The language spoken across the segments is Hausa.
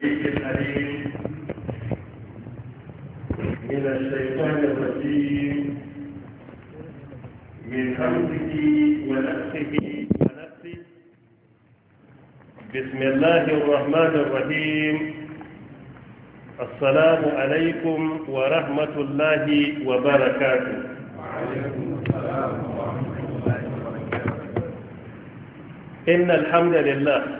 بسم الله الرحمن الرحيم السلام عليكم ورحمة الله وبركاته وعليكم السلام ورحمة الله وبركاته إن الحمد لله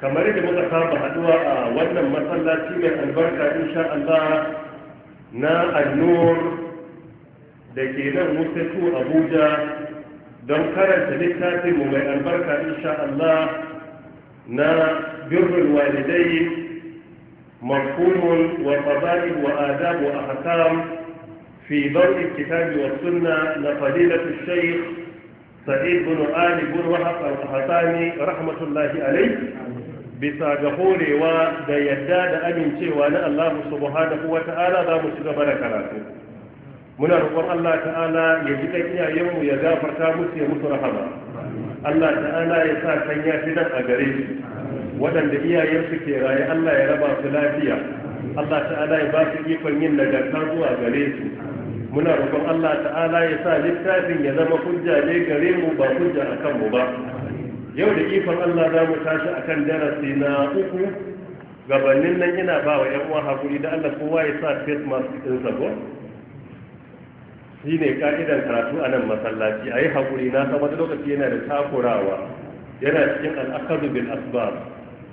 kamar yadda muka saba haduwa a wannan masallaci mai albarka insha Allah na annur da ke nan wutatu abuja don karanta littafin mu mai albarka insha Allah na birrul walidai mafhumun wa fadail wa adab a Hakam, fi dawi kitabi wa sunna na fadilatu shaykh sa'id bin ali bin wahab al-hatami rahmatullahi alayh bisa ga horewa da yadda da amincewa na Allah subhanahu wa ta'ala za mu shiga gaba da karatu muna roƙon Allah ta'ala ya ji kan iyayenmu ya gafarta musu ya musu rahama Allah ta'ala ya sa kan yafi nan a gare shi. waɗanda iyayensu ke raye Allah ya raba su lafiya Allah ta'ala ya ba su ikon yin nagarta zuwa gare su muna roƙon Allah ta'ala ya sa littafin ya zama hujja ne gare mu ba hujja akan mu ba yau da ikon Allah za mu tashi a kan darasi na uku gabanin nan yana ba wa ‘yan uwa haƙuri da Allah kowa ya sa face mask ɗin sabo shi ne ka'idan karatu a nan masallaci a yi haƙuri na sama da lokaci yana da takurawa yana cikin al'akadu bil asbab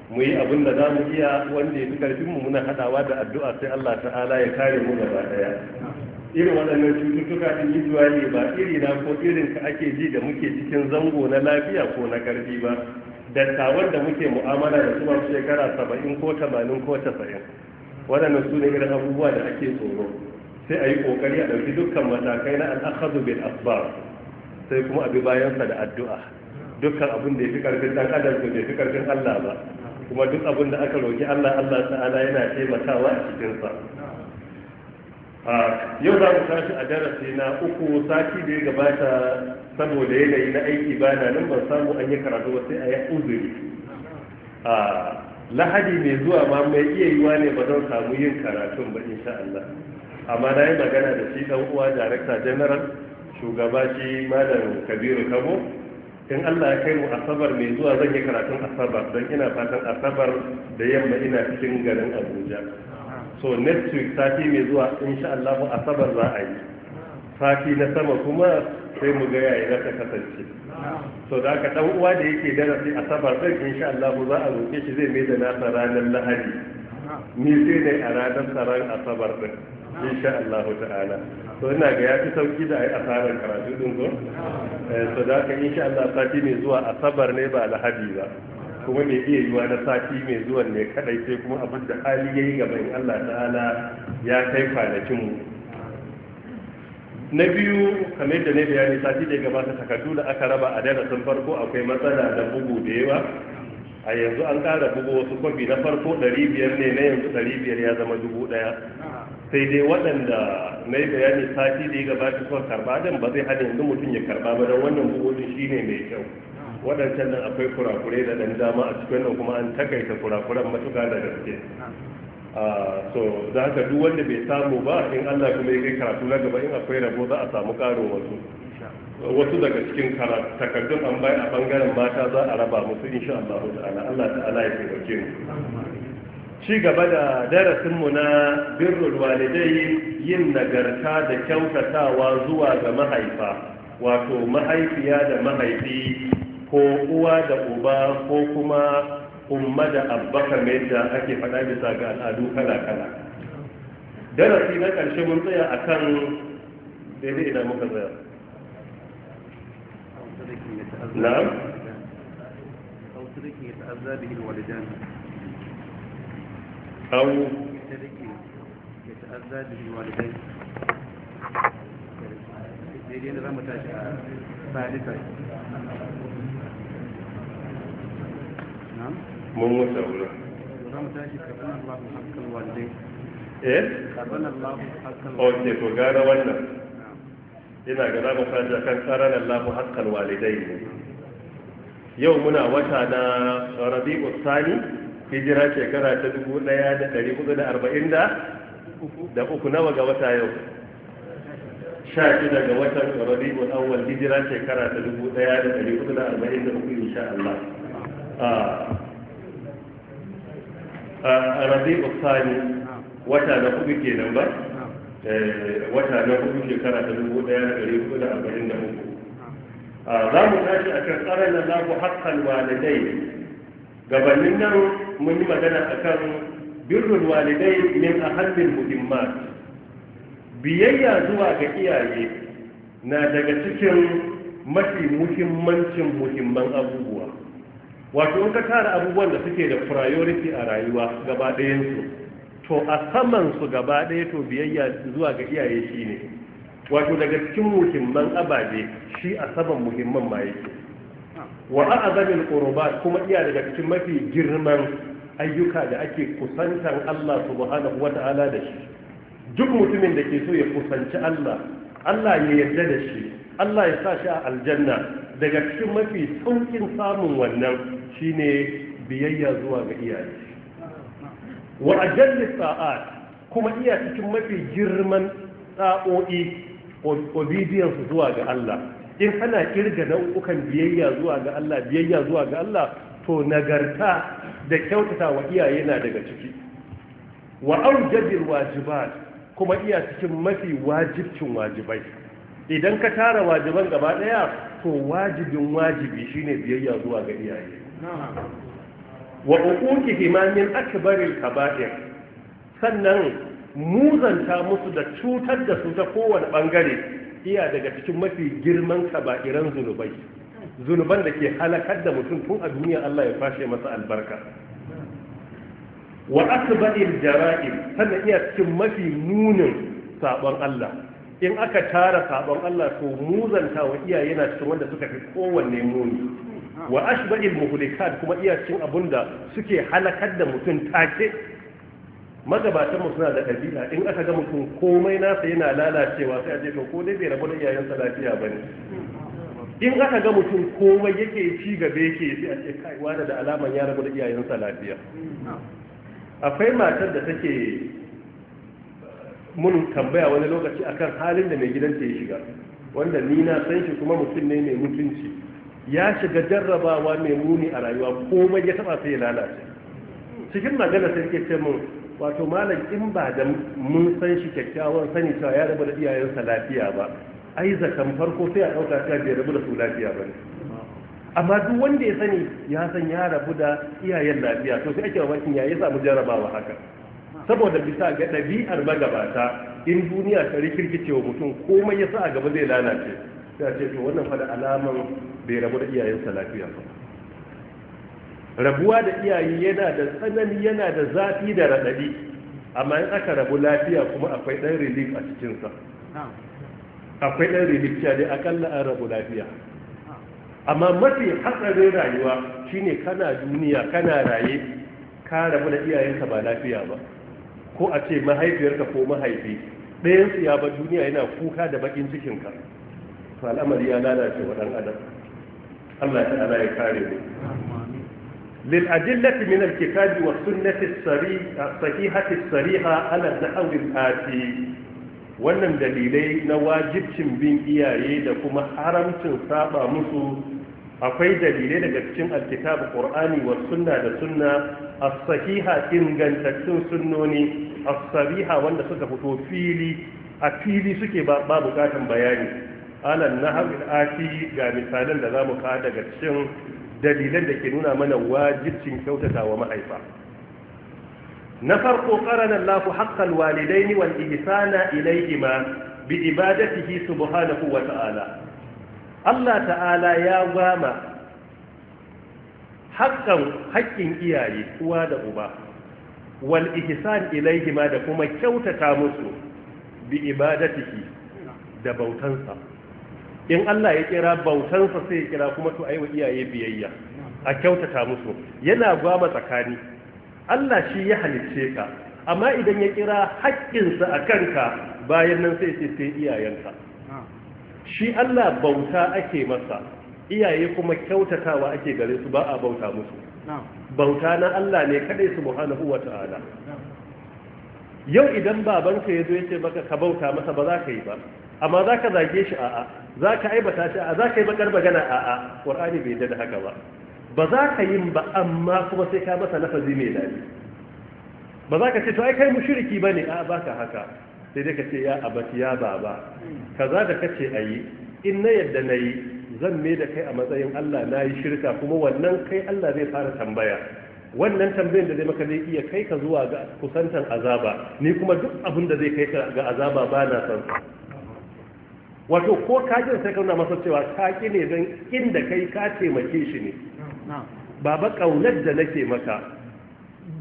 mu yi abin da za mu iya wanda ya fi mu muna haɗawa da addu'a sai Allah ta'ala ya kare mu gaba ɗaya irin waɗannan cututtuka ɗin ne ba iri na ko irin ka ake ji da muke cikin zango na lafiya ko na karfi ba dattawan da muke mu'amala da su masu shekara saba'in ko tamanin ko tasa'in waɗannan su ne irin abubuwa da ake tsoro sai a yi ƙoƙari a ɗauki dukkan matakai na al'akhazu bil asbab sai kuma a bi bayansa da addu'a dukkan abin da ya fi ƙarfin ɗan adam ko fi ƙarfin Allah ba kuma duk abin da aka roƙi Allah Allah ta'ala yana taimakawa a cikinsa yau za mu tashi a darasi na uku sati da ya gabata saboda yanayi na aiki ba na nan ban samu an yi karatu ba sai a yi uzuri lahadi mai zuwa ma mai iya yiwa ne ba zan samu yin karatun ba insha Allah amma na yi magana da shi dan uwa director general shugaba shi malam kabiru kabo in Allah ya kai mu asabar mai zuwa zan yi karatun asabar don ina fatan asabar da yamma ina cikin garin abuja so next week sati mai zuwa insha Allah asabar za a yi sati na sama kuma sai mu ga yayi na kasance so da aka dan uwa da yake darasi asabar din insha Allah za a roke shi zai mai da nasa ranar lahadi ni sai ne a ranar saran asabar din insha Allah ta'ala so ina ga ya fi sauki da ai asarar karatu din ko eh, so da aka insha Allah sati mai zuwa asabar ne ba lahadi ba kuma mai iya yiwa na sati mai zuwan ne kadai sai kuma abin da hali ya yi gaban allah ta'ala ya kai kwanakin mu na biyu kamar da na bayani sati da ya gabata takardu da aka raba a darasin farko akwai matsala da bugu da yawa a yanzu an kara bugu wasu kwafi na farko 500 ne na yanzu 500 ya zama 1000 sai dai waɗanda na yi bayani sati da ya gabata suka karba don ba zai hada yanzu mutum ya karba ba don wannan bugu shi ne mai kyau waɗancan nan akwai kurakure da ɗan dama a cikin nan kuma an takaita kurakuren matuƙa da gaske ah, so za ka duk wanda bai samu ba in Allah kuma ya kai karatu na gaba in akwai rabo za a samu ƙarin wasu wasu daga cikin takardun an bai a bangaren mata za a raba musu sha Allah ta'ala Allah ta'ala ya taimake mu ci gaba da darasinmu na birrul walidai yin nagarta da kyautatawa zuwa ga mahaifa wato mahaifiya da mahaifi ko uwa da uba ko kuma umma da abba kamar yadda ake faɗa bisa ga al'adu kala-kala darasi na ƙarshe mun tsaya a kan daidai idan muka tsaya na'am mun wuce wurin eh ok to gara wannan ina ga zamu tashi akan karan Allah walidai ne. yau muna wata na Rabi'u Sani hijira shekara ta dubu ɗaya da ɗari da da arba'in uku nawa ga wata yau sha shida ga watan Rabi'u Awwal hijira shekara ta uku, insha Allah ah. rabi'u sani wata na ke kenan ba eh, wata na hudu shekara ta dubu daya da dari hudu da arba'in da uku za mu tashi a kan tsarin na za ku walidai gabanin nan mun yi magana a kan birrul walidai min hannun muhimman. biyayya zuwa ga iyaye na daga cikin mafi muhimmancin muhimman abubuwa wato in ka tara abubuwan da suke da priority a rayuwa gaba ɗayansu to a saman su gaba ɗaya to biyayya zuwa ga iyaye shi ne wato daga cikin muhimman ababe shi a saman muhimman ma yake wa a'zabil kuma iya daga cikin mafi girman ayyuka da ake kusantan Allah subhanahu wata'ala da shi duk mutumin da ke so ya kusanci Allah Allah ya yarda da shi Allah ya sa shi a aljanna daga cikin mafi tsunkin samun wannan shine biyayya zuwa ga iyaye wa ajalli sa'at kuma iya cikin mafi girman sa'o'i obedience zuwa ga Allah in kana kirga nau'ukan biyayya zuwa ga Allah biyayya zuwa ga Allah to nagarta da kyautata wa iyaye na daga ciki wa aujabil wajibat kuma iya cikin mafi wajibcin wajibai idan ka tara wajiban gaba daya to wajibin wajibi shine biyayya zuwa ga iyaye wa uquqi himamin akbaril kaba'ir sannan muzanta musu da cutar da su ta kowane bangare iya daga cikin mafi girman kaba'iran zunubai zunuban da ke halakar da mutum tun a duniya Allah ya fashe masa albarka wa asba'il jara'im sannan iya cikin mafi nunin sabon Allah in aka tara sabon Allah to muzanta wa iyaye na cikin wanda suka fi kowanne muni wa ashba'il muhlikat kuma iya cikin abunda suke halakar da mutum take magabatan mu suna da ɗabi'a in aka ga mutum komai nasa yana lalacewa sai a ce to ko dai bai rabu da iyayensa lafiya bane in aka ga mutum komai yake ci gaba yake sai a ce kai wanda da alaman ya rabu da iyayensa lafiya akwai matar da take mun tambaya wani lokaci akan halin da mai gidanta ya shiga wanda ni na san shi kuma mutum ne mai mutunci ya shiga jarrabawa mai muni a rayuwa komai ya taba sai lalace cikin magana sai ke ce mun wato malam in ba da mun san shi kyakkyawan sani cewa ya rabu da iyayensa lafiya ba ai zakan farko sai a ɗauka ta bai rabu da su lafiya ba amma duk wanda ya sani ya san ya rabu da iyayen lafiya to sai ake mamakin ya yi samu jarrabawa haka saboda bisa ga ɗabi'ar magabata in duniya ta rikirkice wa mutum komai ya sa a gaba zai lalace sai ce to wannan fa alaman bai rabu da iyayensa lafiya ba rabuwa da iyaye yana da tsanani yana da zafi da raɗaɗi amma in aka rabu lafiya kuma akwai ɗan relief a cikinsa akwai ɗan relief ya dai akalla an rabu lafiya amma mafi hatsarin rayuwa shine kana duniya kana raye ka rabu da iyayenka ba lafiya ba ko a ce mahaifiyarka ko mahaifi ɗayan su ya ba duniya yana kuka da bakin cikinka to al'amari ya lalace wa ɗan adam Allah ta ala ya kare mu lil adillati min al-kitabi wa sunnati as-sahihati as-sariha ala da'awi al-ati wannan dalilai na wajibcin bin iyaye da kuma haramcin saba musu akwai dalilai daga cikin alkitabu qur'ani wa sunna da sunna a sahiha ingantattun sunnoni a sabiha wanda suka fito fili a fili suke ba bukatan bayani alan nahwi al-ati ga misalin da zamu ka daga cikin dalilan da ke nuna mana wajibcin kyautata wa mahaifa na farko qarana Allahu haqqal walidaini wal ihsana ilayhima bi ibadatihi subhanahu wa ta'ala Allah ta'ala ya gama haƙƙan haƙƙin iyaye uwa da uba wal ihsan ma da kuma kyautata musu bi ibadatihi da bautansa in Allah ya kira bautansa sai ya kira kuma to aiwa iyaye biyayya a kyautata musu yana gwama tsakani Allah shi ya halicce ka amma idan ya kira haƙƙinsa a kanka bayan nan sai ce sai iyayenka shi Allah bauta ake masa iyaye kuma kyautatawa ake gare su ba a bauta musu bauta na Allah ne kadai subhanahu wata'ala yau idan babanka ya zo yace maka ka bauta masa ba za ka yi ba amma za ka zage shi a'a za ka aibata shi a'a za ka yi bakar magana a'a qur'ani bai yarda haka ba ba za ka yi ba amma kuma sai ka masa lafazi mai dadi ba za ka ce to ai kai mushriki bane a'a ba ka haka sai dai ka ce ya abati ya baba kaza da kace ayi in na yadda nayi zan me da kai a matsayin Allah na yi shirka kuma wannan kai Allah zai fara tambaya wannan tambayin da zai maka zai iya kai ka zuwa ga kusantan azaba ni kuma duk abin da zai kai ka ga azaba ba na san wato ko ka sai ka nuna masa cewa ka ki ne don inda kai ka taimake shi ne baba kaunar da nake maka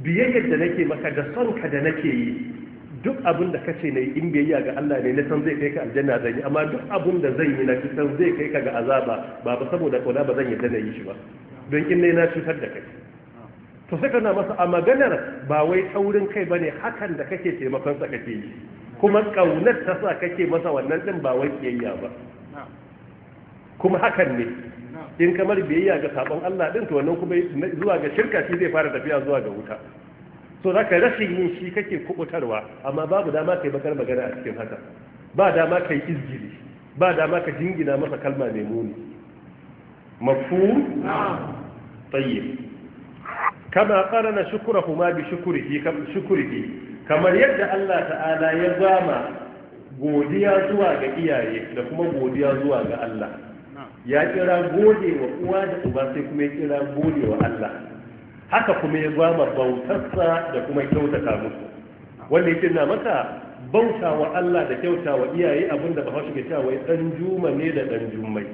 biyayyar da nake maka da son ka da nake yi duk abin da kace ne in bai biyayya ga Allah ne na san zai kai ka aljanna zan yi amma duk abin da zan yi na san zai kai ka ga azaba ba ba saboda kauna ba zan yarda na yi shi ba don kin ne na cutar da kai to sai kana masa a maganar ba wai taurin kai bane hakan da kake taimakon sa kake yi kuma kaunar ta sa kake masa wannan din ba wai kiyayya ba kuma hakan ne in kamar biyayya ga sabon Allah din to wannan kuma zuwa ga shirka shi zai fara tafiya zuwa ga wuta to zaka rashin yin shi kake kubutarwa amma babu dama kai bakar magana a cikin haka ba dama yi izgiri ba dama ka jingina masa kalma mai muni Mafu, tsaye. kama shukura shukrahuma bi shukrihi kamar yadda Allah ta'ala ya zama godiya zuwa ga iyaye da kuma godiya zuwa ga Allah ya kira gode wa uwa da uba sai kuma ya kira gode wa Allah haka kuma ya gwama bautarsa da kuma kyautata musu wanda yake na maka bauta wa Allah da kyauta wa iyaye abinda bahaushe ke cewa wai dan juma ne da dan jummai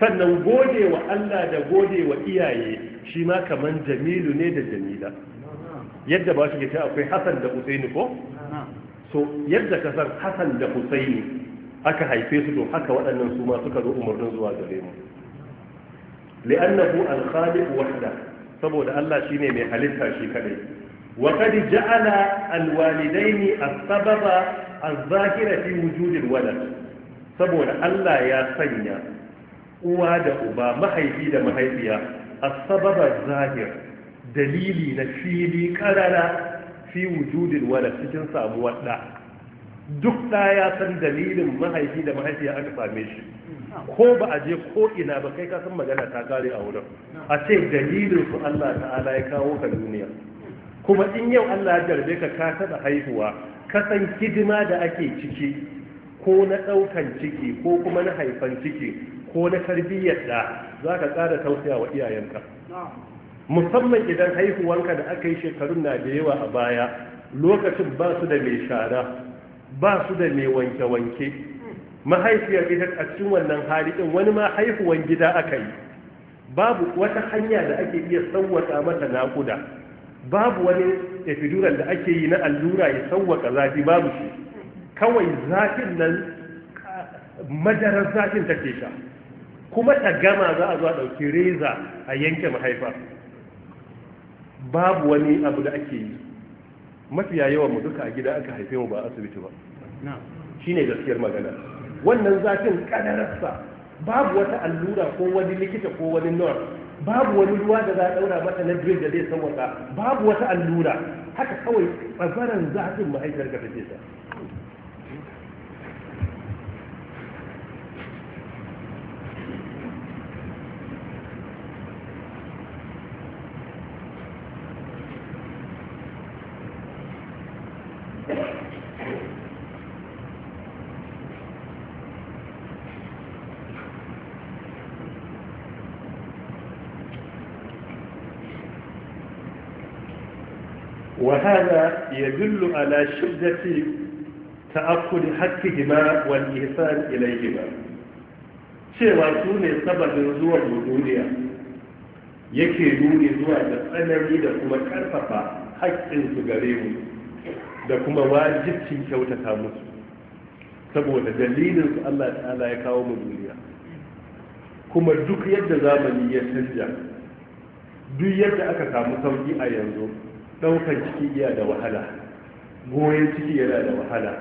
sannan gode wa Allah da gode wa iyaye shi ma kaman jamilu ne da jamila yadda ba shi ke cewa akwai Hassan da Husaini ko so yadda ka san Hassan da Husaini aka haife su to haka waɗannan su ma suka zo umarnin zuwa gare mu li'annahu al-khaliq wahda saboda Allah shine mai halitta shi kadai wa qad ja'ala al-walidaini as-sababa az-zahira fi wujud al-walad saboda Allah ya sanya uwa da uba mahaifi da mahaifiya as-sababa zahir dalili na fili karara fi wujud al-walad cikin samuwar da duk da ya san dalilin mahaifi da mahaifiya aka same shi ko ba a je ko ina ba kai ka san magana ta kare a wurin a ce dalilin su Allah ta'ala ya kawo ka duniya kuma in yau Allah ya jarbe ka ka taɓa haihuwa ka san hidima da ake ciki ko na ɗaukan ciki ko kuma na haifan ciki ko na tarbiyyar da za ka ƙara tausaya wa iyayenka musamman idan haihuwanka da aka yi shekarun na da yawa a baya lokacin ba su da mai shara ba su da mai wanke-wanke mahaifiyar ita a cikin wannan hali ɗin wani ma haihuwan gida aka yi babu wata hanya da ake iya sauwaka mata naƙuda. babu wani epidural da ake yi na allura ya sauwaka zafi babu shi kawai zafin nan madarar zafin take sha kuma ta gama za a zo a ɗauki reza a yanke mahaifa babu wani abu da ake yi mafiya yawan mu duka a gida aka haife mu ba asibiti ba Shi ne gaskiyar magana wannan zafin kadararsa babu wata allura ko wani likita ko wani nurse babu wani ruwa da za a daura mata na drink da zai sauwaka babu wata allura haka kawai tsabaran zafin mahaifiyar ka take وهذا يدل على شدة تأكد حقهما والإحسان إليهما cewa su ne sababin zuwan duniya yake nuni zuwa da tsanani da kuma ƙarfafa haƙƙinsu gare mu da kuma wajibcin kyautata musu saboda dalilinsu Allah ta'ala ya kawo mu duniya kuma duk yadda zamani ya canja duk yadda aka samu sauƙi a yanzu Daukan ciki yana da wahala goyon ciki yana da wahala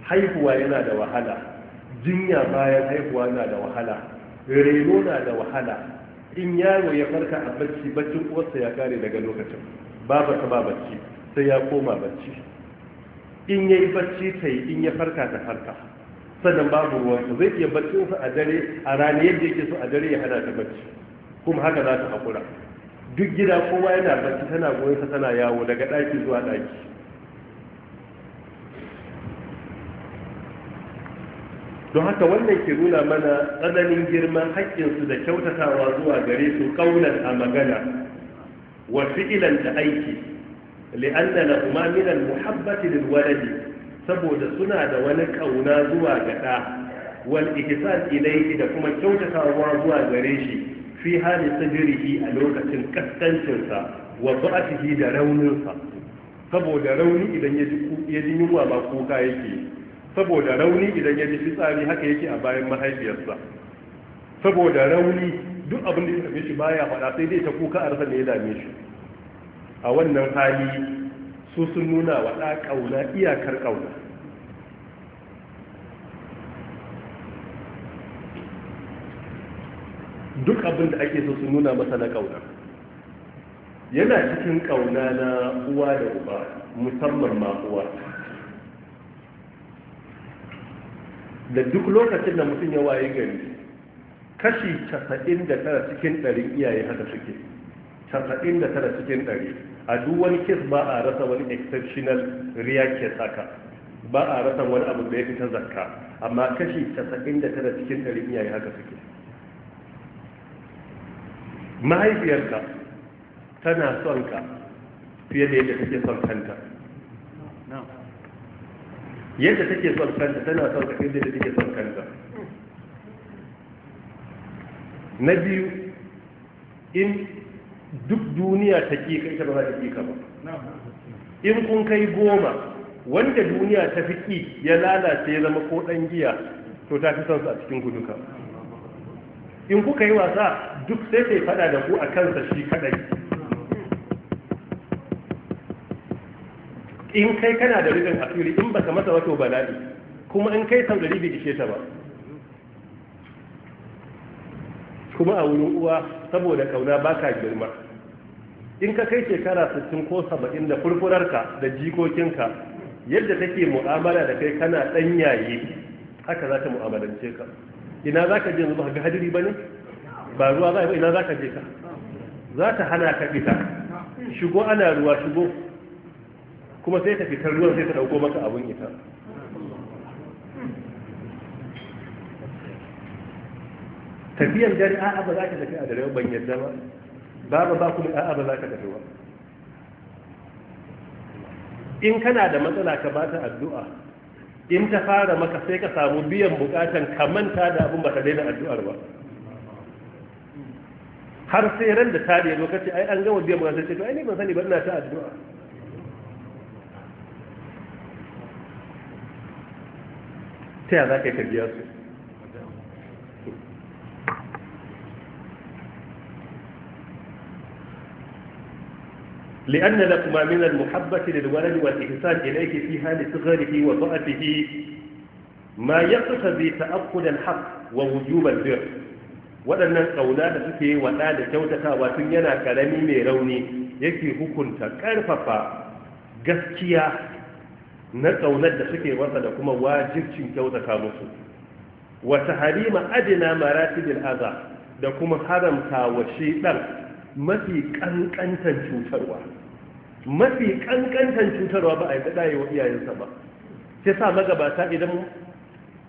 haihuwa yana da wahala jinya bayan haihuwa na da wahala reno na da wahala in yaro ya farka a bacci baccin uwarsa ya kare daga lokacin babu ta ba bacci sai ya koma bacci in ya yi bacci ta yi in ya farka ta farka sannan babu ruwansa zai iya baccinsa a dare a ranar yadda yake so a dare ya hana ta bacci kuma haka za ta haƙura duk gida kowa yana bacci tana goyonsa tana yawo daga ɗaki zuwa ɗaki don haka wannan ke nuna mana tsananin girman haƙƙinsu da kyautatawa zuwa gare su ƙaunar a magana wa fi'ilan da aiki li'anna na umarminan muhabbati da waladi saboda suna da wani ƙauna zuwa gaɗa ɗa wal ihsan ilayhi da kuma kyautatawa zuwa gare shi fi hali sajirihi a lokacin kaskancinsa wa ba'atihi da rauninsa saboda rauni idan ya ji yunwa ba kuka yake saboda rauni idan ya ji fitsari haka yake a bayan mahaifiyarsa saboda rauni duk abin da ya dame shi baya faɗa sai dai ta kuka a rasa da ya dame shi a wannan hali su sun nuna wa ɗa ƙauna iyakar ƙauna duk abin da ake so su nuna masa na kauna yana cikin kauna na uwa da uba musamman ma uwa da duk lokacin da mutum ya waye gari kashi 99 cikin ɗari iyaye haka suke 99 cikin ɗari a duk wani kes ba a rasa wani exceptional real case haka ba a rasa wani abu da ya fi ta zakka amma kashi 99 cikin ɗari iyaye haka suke mahaifiyarka tana son ka fiye da yadda take son kanta yadda take son kanta tana son ka fiye da yadda take son kanta na biyu in duk duniya ta ƙi kai ta ba ta ƙi ka ba in kun kai goma wanda duniya ta fi ƙi ya lalace ya zama ko ɗan giya to ta fi son su a cikin guduka. duka in kuka yi wasa duk sai kai fada da ku a kansa shi kadai in kai kana da rikin asiri in baka masa wato bala'i kuma in kai dari bai ishe ta ba kuma a wurin uwa saboda kauna baka girma in ka kai shekara 60 ko 70 da furfurarka da jikokinka yadda take mu'amala da kai kana danyaye haka za ta mu'amalance ka ina za ka je zuwa ga hadiri ba ne ba ruwa za ba ina za ka je ka za ta hana ka fita shigo ana ruwa shigo kuma sai ta fitar ruwan sai ta dauko maka abun ita tafiyan dare a'a ba za ka tafi a dare ban yadda ba babu ba kuma a'a ba za ka tafi ba in kana da matsala ka bata addu'a in ta fara maka sai ka samu biyan bukatan ka manta da abin ba ta daina addu'ar ba har sai ran da ta da lokaci ai an gama biyan bukatan sai to ai ne ban sani ba ina ta addu'a ta ya za ka yi ka biya su لأن لكما من المحبة للولد والإحسان إليه في حال صغره وضعفه ما يقتضي تأكل الحق ووجوب البر waɗannan ƙauna da suke waɗa da kyautatawa tun yana ƙarami mai rauni yake hukunta ƙarfafa gaskiya na ƙaunar da suke masa da kuma wajibcin kyautata musu wata harima adina maratibin aza da kuma haramta wa shi ɗan mafi kankantan cutarwa mafi kankantan cutarwa ba a yi daɗa yi wa iyayensa ba sai sa magabata idan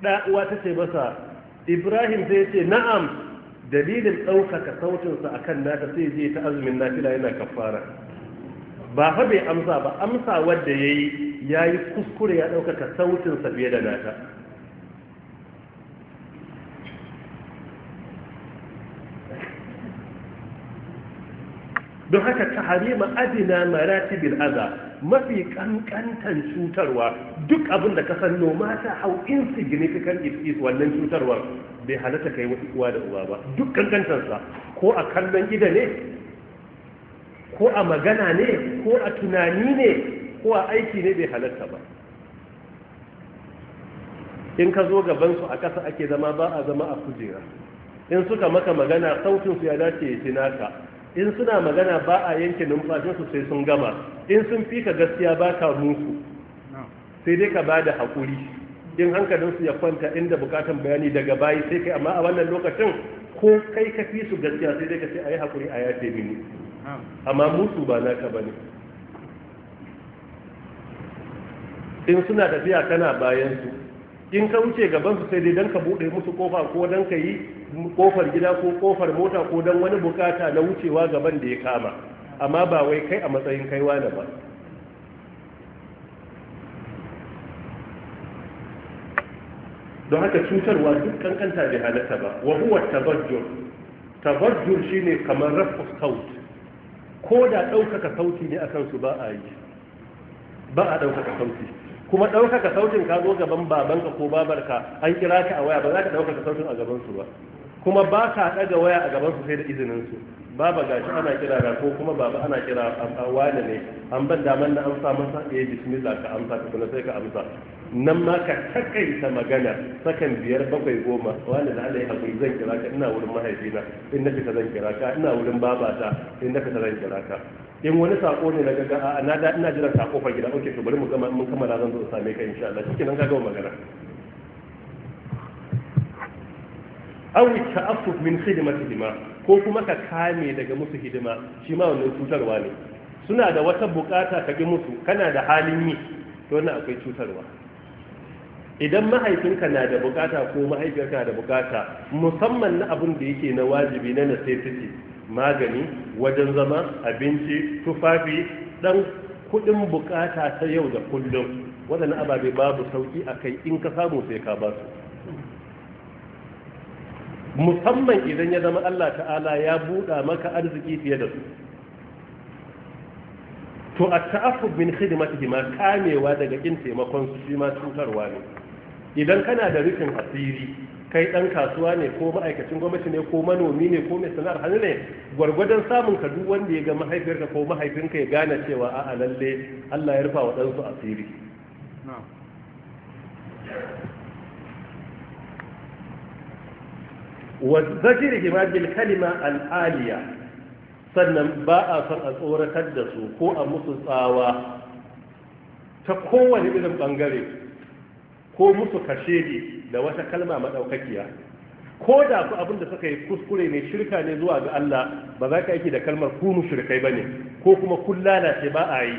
ɗa'uwa ta ce masa ibrahim zai ce na'am dalilin ɗaukaka sautinsa a kan nata sai je ta azumin nafila yana kafara ba fa bai amsa ba amsa wadda ya yi ya yi kuskure ya ɗaukaka sautinsa fiye da nata don haka ta ma adina maratibil aza mafi kankantan cutarwa duk abin da ka san noma ta how insignificant it is wannan cutarwar bai halatta kai wasu uwa da uwa ba duk kankantansa ko a kallon gida ne ko a magana ne ko a tunani ne ko a aiki ne bai halatta ba in ka zo gaban su a ƙasa ake zama ba a zama a kujera in suka maka magana sautinsu ya dace ya fi naka in suna magana ba a yanke numfashinsu sai sun gama in sun fi ka gaskiya ba ka musu sai dai ka ba da haƙuri in hankalinsu ya kwanta inda bukatan bayani daga bayi sai kai amma a wannan lokacin ko kai ka fi su gaskiya sai dai ka ce a yi haƙuri a yafe mini amma musu ba naka ba ne in suna tafiya kana bayansu in ka wuce gabansu sai dai don ka buɗe musu kofa ko don ka yi kofar gida ko kofar mota ko don wani bukata na wucewa gaban da ya kama amma ba wai kai a matsayin kaiwa na ba don haka cutarwa duk kankanta bai halatta ba wa huwa tabajjur tabajjur shine kamar rafu saut ko da ɗaukaka sauti ne a kansu ba a yi ba a ɗaukaka sauti kuma ɗaukaka sautin ka zo gaban babanka ko babarka an kira ka a waya ba za ka ɗaukaka sautin a gabansu ba kuma ba ka ɗaga waya a gaban su sai da izinin su baba gashi ana kira ga ko kuma baba ana kira wani ne an ban daman na amsa masa eh bismillah ka amsa ka kuma sai ka amsa nan ma ka takaita magana sakan biyar bakwai goma wani da Allah ya hakuri zan kira ka ina wurin mahaifina in na fita zan kira ka ina wurin babata in na fita zan kira ka in wani sako ne na gaga a na da ina jira sako fa gida oke to bari mu gama mun kammala zan zo same ka insha Allah kike nan ka ga magana aw ta'assuf min khidmatihima ko kuma ka kame daga musu hidima shi ma wannan cutarwa ne suna da wata bukata ka bi musu kana da halin yi to wannan akwai cutarwa idan mahaifinka na da bukata ko mahaifiyarka na da bukata musamman na abun da yake na wajibi na necessity magani wajen zama abinci tufafi dan kudin bukata ta yau da kullum waɗannan ababe babu sauki a kai in ka samu sai ka ba su musamman idan ya zama Allah ta'ala ya buɗa maka arziki fiye da su to a ta'afu bin khidmati ma kamewa daga kin taimakon su shi ma cutarwa ne idan kana da rufin asiri kai dan kasuwa ne ko ma'aikacin gwamnati ne ko manomi ne ko mai sana'ar hannu ne gwargwadon samun ka duk wanda ya ga mahaifiyarka ko mahaifinka ya gane cewa a'a lalle Allah ya rufa wa su asiri wa zajrihima bil kalima al sannan ba a san a tsoratar da su ko a musu tsawa ta kowane irin bangare ko musu kashe ne da wata kalma maɗaukakiya ko da ku abin da suka yi kuskure ne shirka ne zuwa ga Allah ba za ka aiki da kalmar ku ba ne, ko kuma kun lalace ba a yi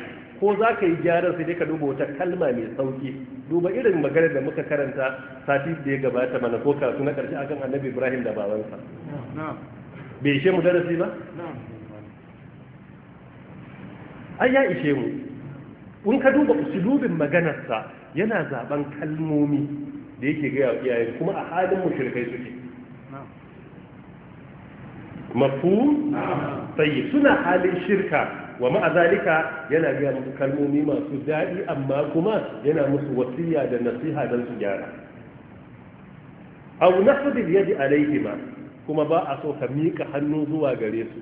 ko za ka yi gyaran sai dai ka duba wata kalma mai sauki duba irin maganar da muka karanta sati da ya gabata mana ko karatu na karshe akan annabi ibrahim da babansa bai ishe mu darasi ba ai ya ishe mu in ka duba usulubin maganarsa yana zaben kalmomi da yake gaya wa iyayen kuma a halin shirkai suke Mafu, tayyib suna halin shirka wa ma'azalika yana gaya musu kalmomi masu daɗi amma kuma yana musu wasiya da nasiha don su gyara abu nasudin yadi ma kuma ba a so ka miƙa hannu zuwa gare su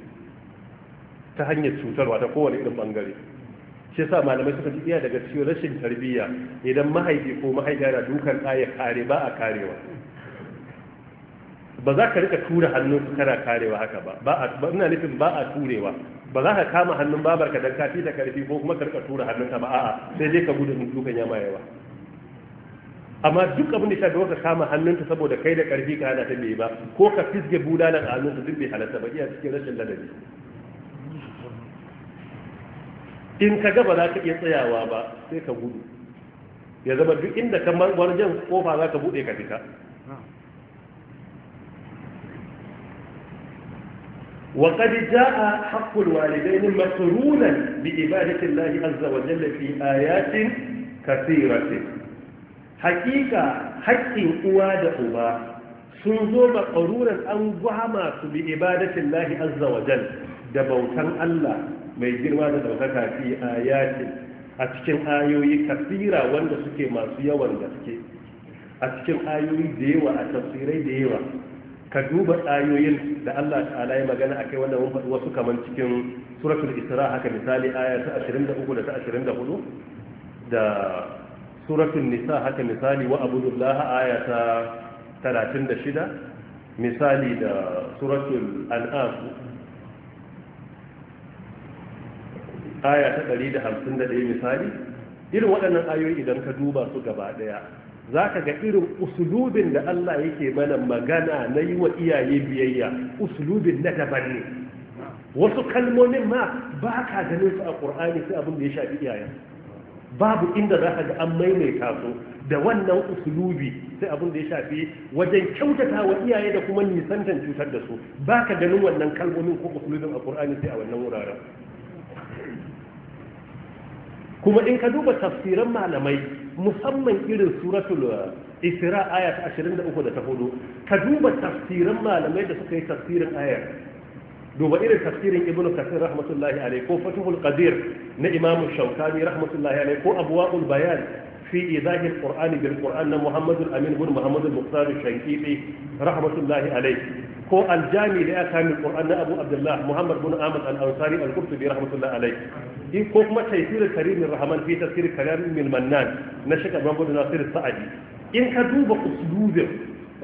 ta hanyar cutarwa ta kowane irin bangare shi sa malamai suka iya daga cikin rashin tarbiyya idan mahaifi ko mahaifiya na dukan ɗaya kare ba a karewa ba za ka rika tura hannun kana karewa haka ba ba ina nufin ba a turewa ba za ka kama hannun babarka don kafi da karfi ko kuma ka rika tura ka ba a'a sai dai ka gudu dukan ya mayewa amma duk abin da shafi ka kama hannunta saboda kai da karfi ka hana ta mai ba ko ka fisge bulalan a hannunta duk bai halatta ba iya cikin rashin ladabi in ka ga ba za ka iya tsayawa ba sai ka gudu ya zama duk inda kamar wani kofa za ka buɗe ka fita وقد جاء حق الوالدين مقرونا بإبادة الله عز وجل في آيات كثيرة حقيقة حق أواد أبا سنزو مقرونا أن بعما بإبادة الله عز وجل دبوتا الله ما يجير وانا دوكاكا في آيات أتكين آيوي كثيرة وانا سكي ما سيا وانا سكي أتكين آيوي ديوة أتفسيري ديوة ka duba ayoyin da Allah ta'ala ya magana akai wanda mun faɗi wasu kaman cikin suratul isra haka misali aya ta 23 da ta 24 da suratul nisa haka misali wa abudullah aya ta 36 misali da suratul an'am aya ta 151 misali irin waɗannan ayoyi idan ka duba su gaba ɗaya za ka ga irin usulubin da Allah yake mana magana na yi wa iyaye biyayya usulubin na daban ne wasu kalmomin ma ba ka ganin su a ƙur'ani sai abin da ya shafi iyayen babu inda za ka ga an maimaita su da wannan usulubi sai abin da ya shafi wajen kyautata wa iyaye da kuma nisantan cutar da su ba ka ganin wannan kalmomin ko usulubin a ƙur'ani sai a wannan wuraren kuma in ka duba tafsiran malamai musamman irin suratul eh, isra aya ta 23 da ta hudu ka duba tafsirin malamai da suka yi tafsirin ayar duba irin tafsirin ibnu kasir rahmatullahi alaihi ko fatuhul qadir na imam shaukani rahmatullahi alaihi ko abwaul bayan fi idahi alqur'ani bil qur'an na muhammadul amin gun muhammadul muqtar shankiti rahmatullahi alaihi ko aljami da aka min qur'an na abu abdullah muhammad bin ahmad al-ansari al-qurtubi rahmatullahi alaihi in ko kuma tafsirin karimin rahman fi tafsirin karimin mannan na shiga gaban gudu nasiru sa'adi in ka duba uslubin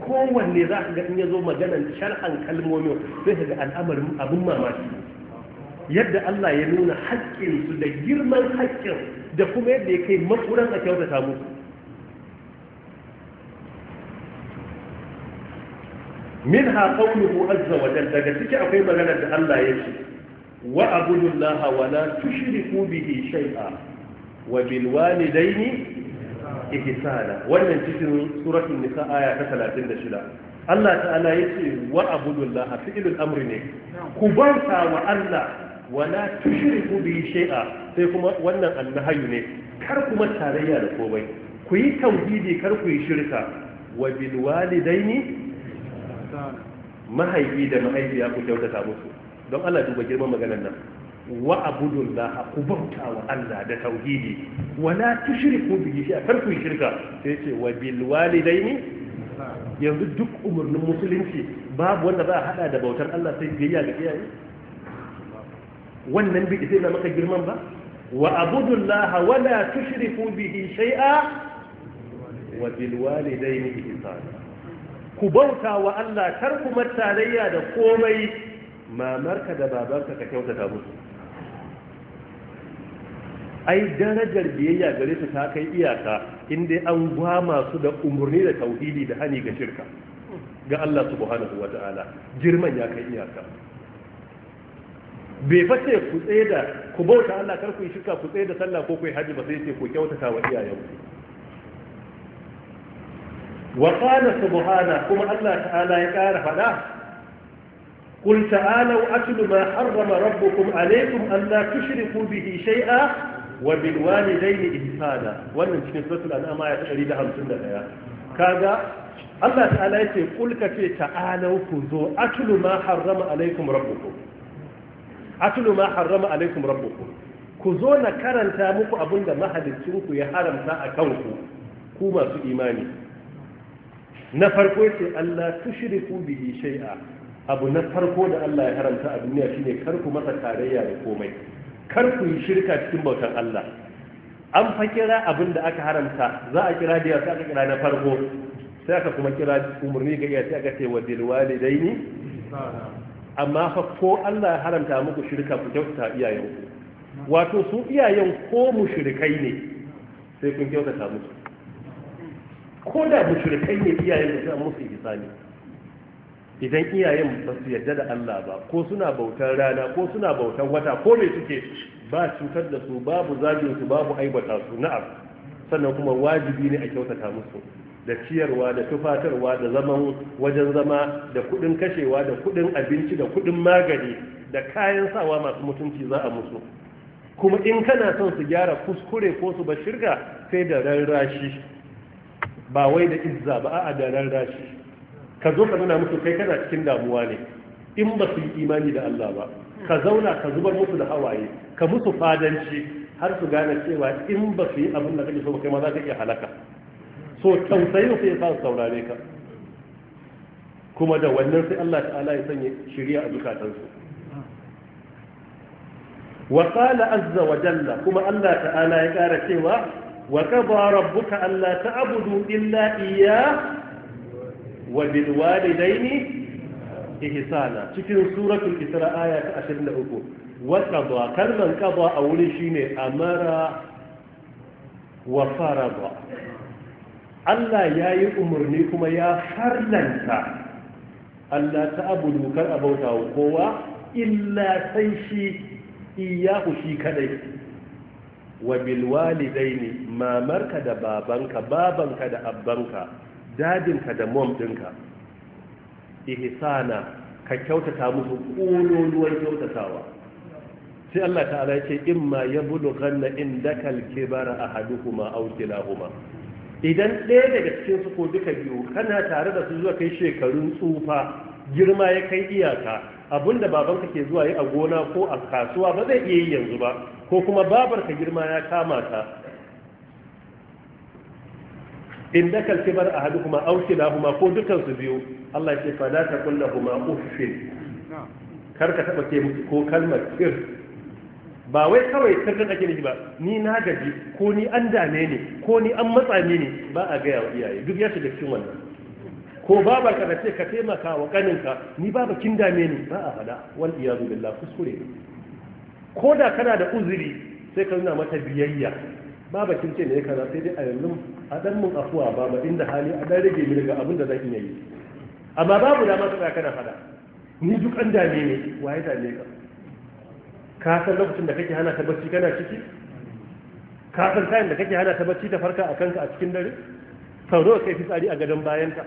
kowanne za ka ga in ya zo maganan sharhan kalmomin sai ka ga al'amarin abin mamaki yadda Allah ya nuna haƙƙinsu da girman haƙƙin da kuma yadda ya kai matsuran a kyautata musu min ha ko azza wa daga ciki akwai maganar da Allah ya ce wa abudullaha wa la tushriku bihi shay'a wa bil walidayni ihsana wannan cikin suratul nisa aya ta 36 Allah ta'ala ya ce wa abudullaha fi'ilun amri ne ku bauta wa Allah wa la tushriku bihi shai'a. sai kuma wannan annahayu ne kar kuma tarayya da komai ku yi tauhidi kar ku yi shirka wa bil walidaini mahaifi da mahaifiya ku kyautata musu don Allah duba girman maganar nan wa abudullah ku bauta wa Allah da tauhidi wa la tushriku bihi shay'a kar ku shirka sai ce wa bil walidaini yanzu duk umurnin musulunci babu wanda za a hada da bautar Allah sai biyayya ga iyaye wannan bi sai na maka girman ba wa abudullah wa la tushriku bihi shay'a wa bil walidaini ihsana ku bauta wa Allah kar ku tarayya da komai mamarka da babarka ka kyautata musu ai darajar biyayya gare su ta kai iyaka inda an gwama su da umarni da tauhidi da hani ga shirka ga Allah subhanahu wa ta'ala girman ya kai iyaka bai fashe ku tsaye da ku bauta Allah kar ku yi shirka ku tsaye da sallah ko ku yi haji ba sai ce ku kyautata wa ku wa qala subhana kuma Allah ta'ala ya kara fada قل تعالوا أتل ما حرم ربكم عليكم أن لا تشركوا به شيئا وبالوالدين إحسانا wannan cikin suratul an'am ya 151 kaga Allah ta'ala yace kul kace ta'alau ku zo atlu ma harrama alaikum rabbukum atlu ma harrama alaikum rabbukum ku zo na karanta muku abinda mahaliccin ku ya haramta a kanku ku masu imani na farko yace Allah tushriku abu na farko da Allah ya haramta a duniya shine kar ku masa tarayya da komai kar ku yi shirka cikin bautan Allah an fa kira abin da aka haramta za a kira da sai aka kira na farko sai aka kuma kira umurni ga iya sai aka ce wa bil walidaini amma fa ko Allah ya haramta muku shirka ku kyautata iyayenku wato su iyayen ko mushrikai ne sai kun kyautata musu ko da mushrikai ne iyayen da sai musu ihsani idan iyayen ba su yarda da Allah ba ko suna bautar rana ko suna bautar wata ko me suke ba cutar da su babu zagin su babu aibata su na'am sannan kuma wajibi ne a kyautata musu da ciyarwa da tufatarwa da zaman wajen zama da kudin kashewa da kudin abinci da kudin magani da kayan sawa masu mutunci za a musu kuma in kana son su gyara kuskure ko su shirga sai da rarrashi ba wai da izza ba a'a da rarrashi ka zo ka nuna musu kai kana cikin damuwa ne in ba su yi imani da Allah ba ka zauna ka zubar musu da hawaye ka musu fadanci har su gane cewa in ba su yi abin da kake so ba kai ma za ka iya halaka so tausayin sai ya su saurare ka kuma da wannan sai Allah ta'ala ya sanya shirya a zukatansu wa qala azza wa jalla kuma Allah ta'ala ya kara cewa wa qada rabbuka alla ta'budu illa iyyah wa bil walidaini ihsana cikin suratul isra aya ta 23 wa qada kalman qada a wuri shine amara wa farada Allah ya yi umarni kuma ya farlanta Allah ta abudu kar abauta wa kowa illa sai shi iyahu shi kadai wa bil walidaini mamarka da babanka babanka da abbanka dadinka da mom ɗinka ihsana ka kyautata musu ƙololuwan kyautatawa sai Allah ta'ala ya ce imma ya bulughanna indakal al-kibara ahaduhuma aw kuma. idan ɗaya daga cikin su ko duka biyu kana tare da su zuwa kai shekarun tsufa girma ya kai iyaka abinda babanka ke zuwa yi a gona ko a kasuwa ba zai iya yi yanzu ba ko kuma babarka girma ya kama ta in da kalki bar a hadu kuma auki na kuma ko dukan su biyu Allah ya ce fa la taqul lahum uffin kar ka taba ce ko kalmar kir ba wai kawai sirrin ake nufi ba ni na gaji ko ni an dame ni ko ni an matsa ni ne ba a gaya wa iyaye duk ya shiga cikin wannan ko baba ka ce ka taimaka wa kaninka ni baba kin dame ni ba a fada wal iyadu billah kuskure ko da kana da uzuri sai ka nuna mata biyayya ba bakin ce ne kaza sai dai a yanzu a dan mun afuwa ba ba inda hali a dan rage daga abin da zan iya yi amma babu dama ka tsaya kana fada ni duk an dame ne waye ne ka ka san lokacin da kake hana ta bacci kana ciki ka san kayan da kake hana ta bacci ta farka a kanka a cikin dare sau nawa kai fitsari a gadon ta?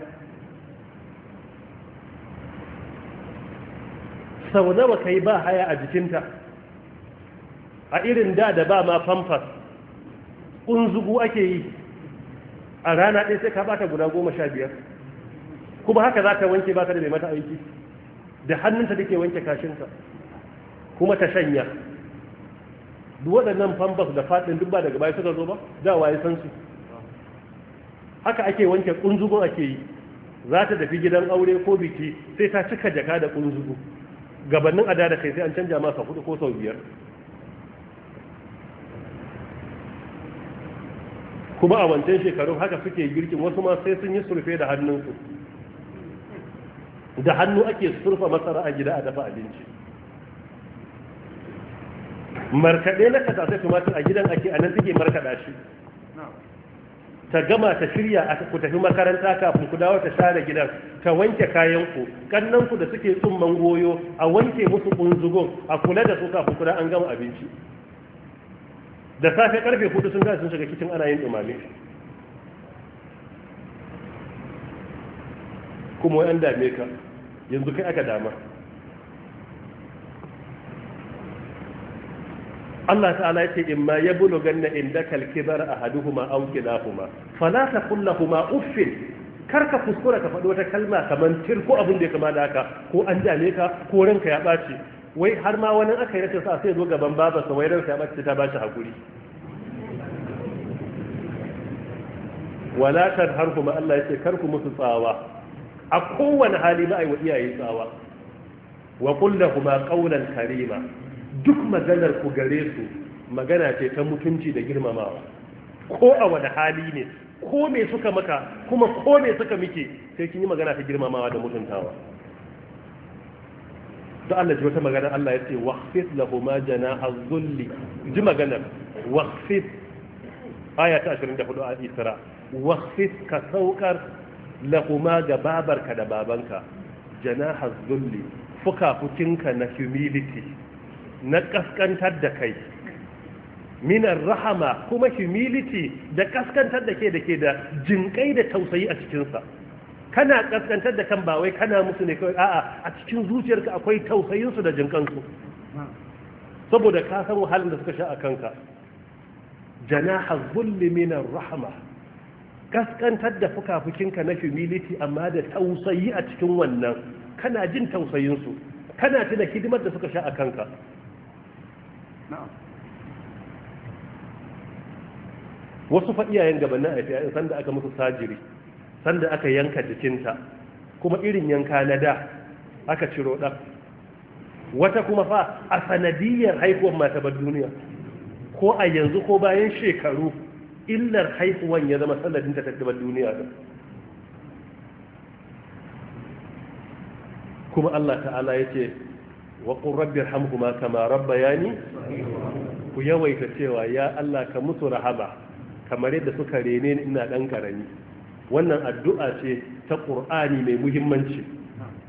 sau nawa kai ba haya a jikinta a irin da da ba ma famfas ƙunzugu ake yi a rana ɗaya sai ka bata guda goma sha biyar kuma haka za ta wanke ta da mata aiki da hannunta ke wanke kashinta kuma ta shanya duk waɗannan fambas da faɗin duk ba daga baya suka zo ba da waye san su haka ake wanke ƙunzugun ake yi za ta tafi gidan aure ko biki sai ta cika jaka da ƙunzugu gabanin adada da kai sai an canja masa hudu ko sau biyar kuma a wancan shekaru haka suke girkin wasu ma sai sun yi surfe da hannunsu da hannu ake surfa masara a gida a dafa abinci markaɗe na kasa sai tumatir a gidan ake a nan suke markaɗa shi ta gama ta shirya a ku tafi makaranta kafin ku dawo ta share gidan ta wanke kayan ku kannan da suke tsumman goyo a wanke musu kunzugon a kula da su kafin ku da an gama abinci da safe karfe hudu sun sun shiga kicin ana yin dumame kuma wai an dame ka yanzu kai aka dama Allah ta'ala yake in ma ya bulugan ganna inda kalkibar a haduhuma au kilahuma fala ta kullahuma uffin karka fuskura ka faɗi wata kalma kamar tirku abin da ya kama da haka ko an dame ka ko ranka ya ɓaci wai har ma wani aka yi rashin sa sai zo gaban baba sa wai ransa ya bace ta bashi hakuri wala kan har kuma Allah yace karku musu tsawa a kowane hali ba ai wa iyaye tsawa wa qul lahumu qawlan karima duk maganar ku gare su magana ce ta mutunci da girmamawa ko a wani hali ne ko me suka maka kuma ko me suka miki? sai kin yi magana ta girmamawa da mutuntawa to Allah ji wata magana Allah ya ce waqfit jana az zulli, ji magana waqfit aya ta 24 a Isra waqfit ka saukar ma ga babarka da babanka zulli, fuka fukafukinka na humility na kaskantar da kai minar rahama kuma humility da kaskantar da ke da ke da jinkai da tausayi a cikinsa kana kaskantar da kan ba wai kana musu ne kawai a'a a cikin zuciyarka akwai tausayinsu da jinkansu saboda ka san wahalar da suka sha a kanka janaha zulli minar rahama kaskantar da fukafukinka na humility amma da tausayi a cikin wannan kana jin tausayinsu kana tuna hidimar da suka sha a kanka wasu fa iyayen gabanin a sanda aka musu sajiri sanda aka yanka jikinta kuma irin yanka na da aka ciro ɗan wata kuma fa a sanadiyar haihuwar matabar duniya ko a yanzu ko bayan shekaru illar haihuwan ya zama sanadin ta tattabar duniya da. kuma Allah ta'ala ya ce wa ƙurrabbiyar ma kama rabba ya ku yawaita cewa ya Allah ka musu rahama kamar yadda suka rene ina ɗan ƙarami wannan addu'a ce ta ƙur'ani mai muhimmanci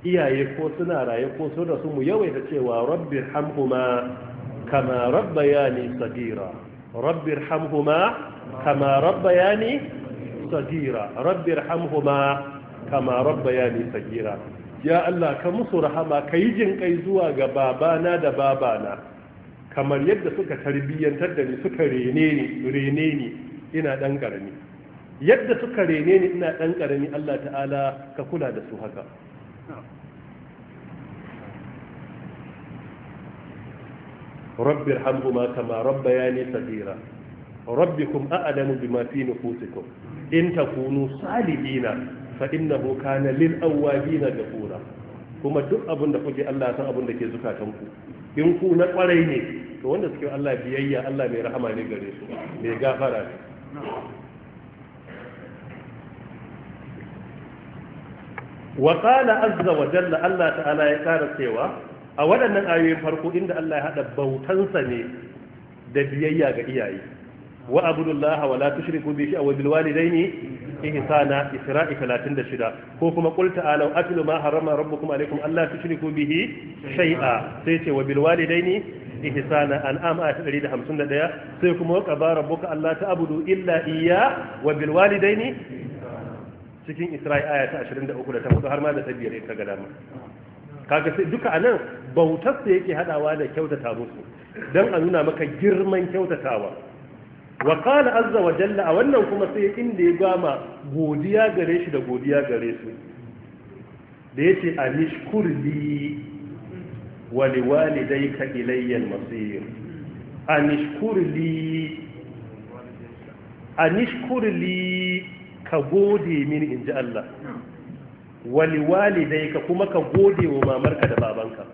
iyaye ko suna raye ko sun rasu mu yawaita cewa rabbir hamhuma kama rabbayani sadira. rabbir hamhuma kama rabbayani sadira. rabbir hamhuma kama rabbayani sadira. ya Allah ka musu rahama ka yi jin kai zuwa ga babana da babana kamar yadda suka tarbiyyantar da ni suka rene ni rene ni ina dan karami yadda suka rene ni ina ɗan ƙarami Allah ta'ala ka kula da su haka rabbir hamhuma kama rabba ya ne sabira rabbikum a'lamu bima fi nufusikum in takunu salihina fa innahu kana lil awwabina ghafura kuma duk abin da kuke Allah san abin da ke zukatanku in ku na kwarai ne to wanda suke Allah biyayya Allah mai rahama ne gare su mai gafara ne wa qala azza wa jalla Allah ta'ala ya kara cewa a waɗannan ayoyin farko inda Allah ya hada bautansa ne da biyayya ga iyaye wa abudullaha wa la tushriku bi shay'in wa bil walidayni ihsana isra'i 36 ko kuma qul ta'alu atlu ma harrama rabbukum alaykum alla tushriku bihi shay'a sai ce wa bil walidayni ihsana an'am 151 sai kuma wa qabara rabbuka alla ta'budu illa iyya wa bil walidayni cikin isra'i aya ta 23 da ta hudu har ma da ta biyar ta ka ga dama kaga sai duka anan bautar sa yake hadawa da kyautata musu dan a nuna maka girman kyautatawa wa qala azza wa jalla a wannan kuma sai inda ya gama godiya gare shi da godiya gare su da yace anishkurli wa liwalidayka ilayya al-masir anishkurli anishkurli ka gode mini in ji Allah wali walidai ka kuma ka gode wa mamarka da babanka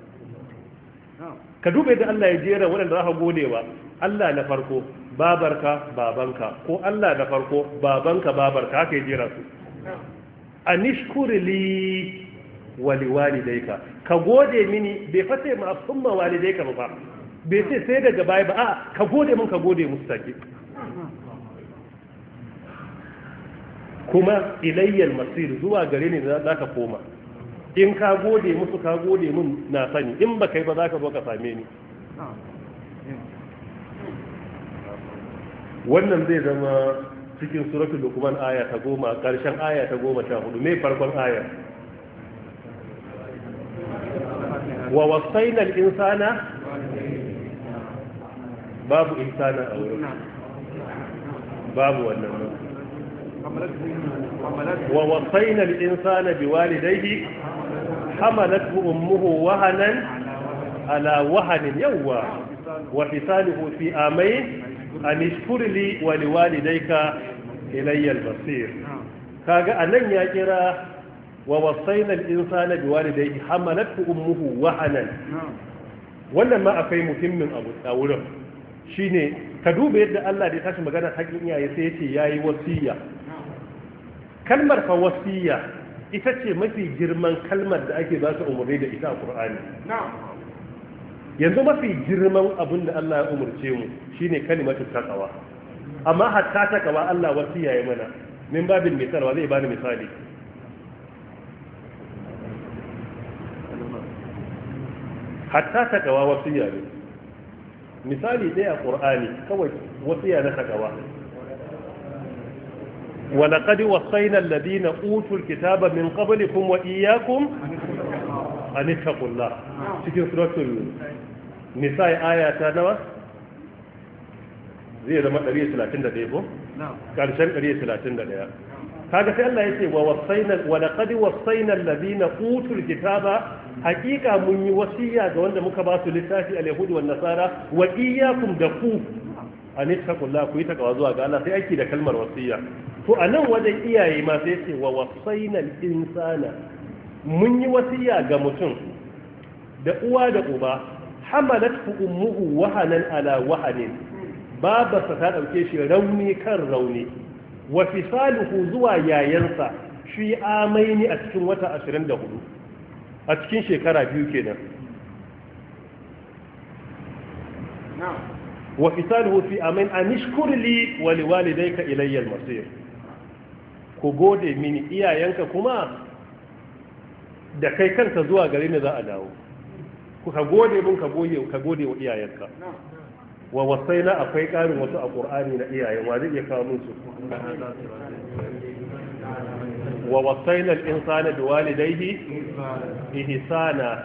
ka dube da Allah ya jera waɗanda za ka gode wa Allah na farko babarka babanka ko Allah na farko babanka babarka haka ya jera su a li wali walidai ka ka gode mini bai fata ma summa walidaika ba bai ce sai daga baya ba a ka gode mun ka gode musu kuma ilayyal masir zuwa gare ne za ka koma in ka gode musu ka gode mun na sani in ba kai ba za ka zo ka same ni wannan zai zama cikin suratul lukman aya ta goma karshen aya ta goma sha hudu mai farkon aya wa wasaina al-insana babu insana a wurin babu wannan ووصينا الإنسان بوالديه حملته أمه وهنا على وهن يوى وفصاله في آمين أن اشكر لي ولوالديك إلي البصير كاغا أنن يا جرا ووصينا الإنسان بوالديه حملته أمه وهنا wannan ma akwai muhimmin abu a wurin shine ka duba yadda Allah da ya tashi magana haƙin iyaye sai ya ce yayi wasiya kalmar fa wasiya ita ce mafi girman kalmar da ake ba su umarni da ita a ƙur'ani. yanzu mafi girman abin da Allah ya umarce mu shine kalimatu taqwa amma hatta taqwa Allah wasiya ya mana min babin misal wa zai bani misali hatta taqwa wasiya ne misali dai a ƙur'ani, kawai wasiya na taqwa ولقد وصينا الذين أوتوا الكتاب من قبلكم وإياكم أن اتقوا الله cikin suratul nisa'i aya ta nawa zai zama 131 ko karshen 131 kaga sai Allah ya ce, wasaina wa laqad wasaina alladhina utul kitaba haqiqa mun yi wasiya ga wanda muka basu littafi a yahudi nasara wa da ku ta kula ku yi takawa zuwa ga Allah sai aiki da kalmar wasiya to a nan wajen iyaye ma sai ce wa wasainal insana mun yi wasiya ga mutum da uwa da uba hamalatku ummuhu wahanan ala wahanin babarsa ta ɗauke shi rauni kan rauni wa fisaluhu zuwa yayansa shi amaini a cikin wata 24 a cikin shekara biyu kenan wa isaluhu fi amin an ishkur li wa liwalidayka ilayya al-masir ku gode mini iyayenka kuma da kai kanka zuwa gare ni za a dawo ku ka gode mun ka goye ka gode wa iyayenka wa wasaina akwai karin wasu a qur'ani na iyayen wa zai iya kawo mun su wa wasaina al-insana biwalidayhi ihsana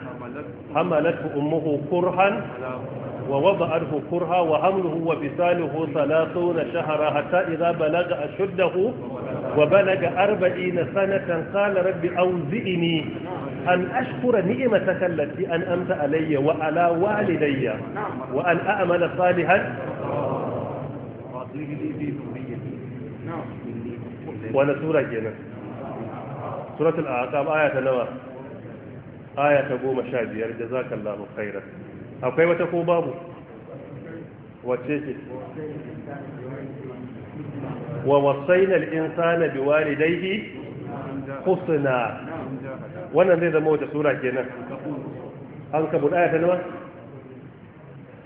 hamalat ummuhu kurhan ووضعته كرها وحمله وبساله ثلاثون شهرا حتى إذا بلغ أشده وبلغ أربعين سنة قال رب أوزئني أن أشكر نعمتك التي أنأمت علي وعلى والدي وأن أعمل صالحا وأنا سورة جنة سورة الأعقاب آية نوى آية قوم شابير جزاك الله خيرا akwai wata ko babu Wace ke wa wasaina al-insana biwalidayhi husna wannan zai zama wata sura kenan an ka buɗa ta nawa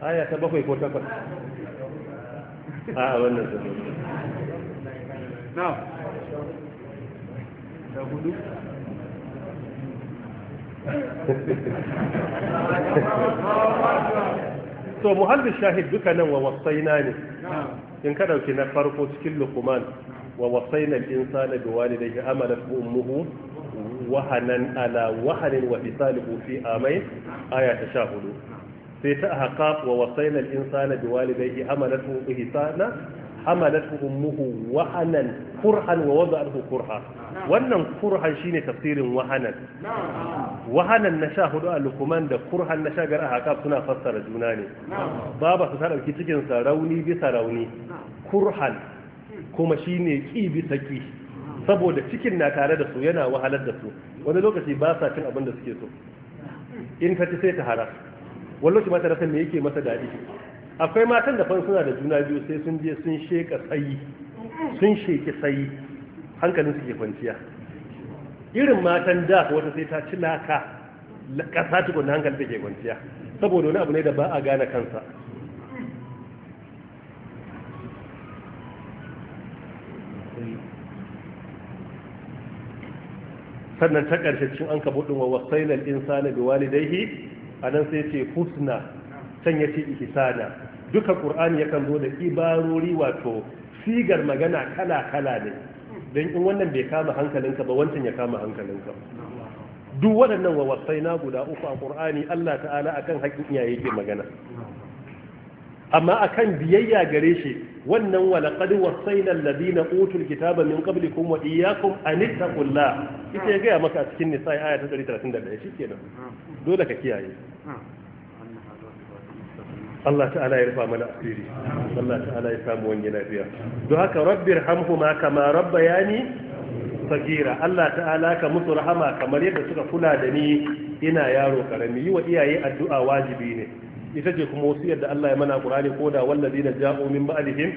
aya ta bakwai ko takwas a wannan zai na ta hudu so muhallin shahid duka nan wa wasaina ne in ka ɗauki na farko cikin luqman wa wasaina al-insana biwalidayhi amalat ummuhu wahanan ala wahanin wa bisaluhu fi amai aya ta sha hudu sai ta haka wa wasaina al-insana biwalidayhi amalatu ihsana hamalatu ummuhu wahanan kurhan wa wada'ahu kurha wannan kurhan shine tafsirin wahanan Wahalar na sha hudu a lukuman da kurhan na gara a haka suna fassara juna ne ba su ta ɗauki cikinsa rauni bisa rauni kurhan kuma shi ne ƙi bisa ƙi saboda cikin na tare da su yana wahalar da su wani lokaci ba sa cin abin da suke so in ta ci sai ta hara wani lokaci mata rasa me yake masa daɗi akwai matan da fan suna da juna biyu sai sun je sun sheka tsayi, sun sheki tsayi. hankalin su ke kwanciya irin matan da wata sai ta ci laka ƙasa tukun na hankali take kwanciya saboda wani abu ne da ba a gane kansa sannan ta ƙarshe cikin an ka buɗin wa wasailar insana bi walidaihi a nan sai ce husna can ya ce ihsana duka ƙur'ani yakan zo da ibarori wato sigar magana kala kala ne don in wannan bai kama hankalinka ba wancan ya kama hankalinka duk waɗannan wawasai na guda uku a ƙur'ani Allah ta'ala akan haƙƙin iyaye ke magana amma akan biyayya gare shi wannan walaqad wasaina alladhina utul kitaba min qablikum wa kun an ƙulla. ita ya gaya maka a cikin nisa aya ta 131 shikenan dole ka kiyaye Allah ta'ala ya rufa mana asiri Allah ta'ala ya samu wani lafiya don haka rabbir hamhuma kama rabba yani sagira Allah ta'ala ka musu rahama kamar yadda suka kula da ni ina yaro karami yi wa iyaye addu'a wajibi ne ita ce kuma wasu yadda Allah ya mana Qur'ani ko da wallazina ja'u min ba'dihim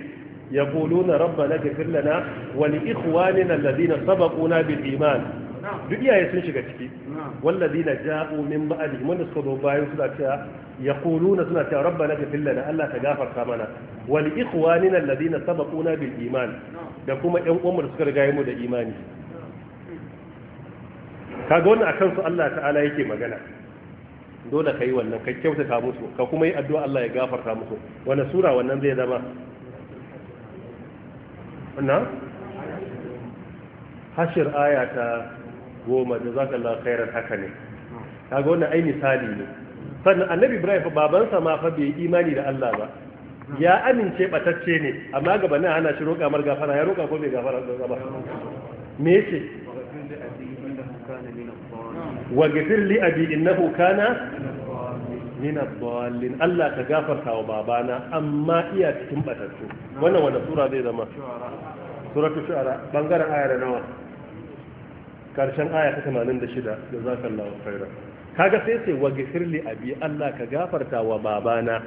yaquluna rabbana ighfir lana wa li ikhwanina alladhina sabaquna bil iman duk iyaye sun shiga ciki wallazi na ja'u min ba'di wanda suka zo bayan suna cewa yaquluna suna cewa rabbana ighfir lana Allah ta gafarta mana wa li ikhwanina alladhina sabaquna bil iman da kuma ƴan uwan suka riga mu da imani kaga wannan akan su Allah ta'ala yake magana dole kai wannan ka kyautata musu ka kuma yi addu'a Allah ya gafarta musu wannan sura wannan zai zama wannan hashir aya ta goma da za ka khairan haka ne kaga wannan ai misali ne sannan annabi ibrahim babansa ma fa bai imani da allah ba ya amince batacce ne amma gaba na hana shi roƙa mar gafara ya roƙa ko bai gafara ba me yace wa gafir li abi innahu kana min ad-dallin Allah ka gafarta wa babana amma iya cikin batacce. wannan wani sura zai zama suratul shu'ara bangaren ayar nawa karshen aya ta 86 da zaka Allah khaira kaga sai sai wa gifirli abi Allah ka gafarta wa babana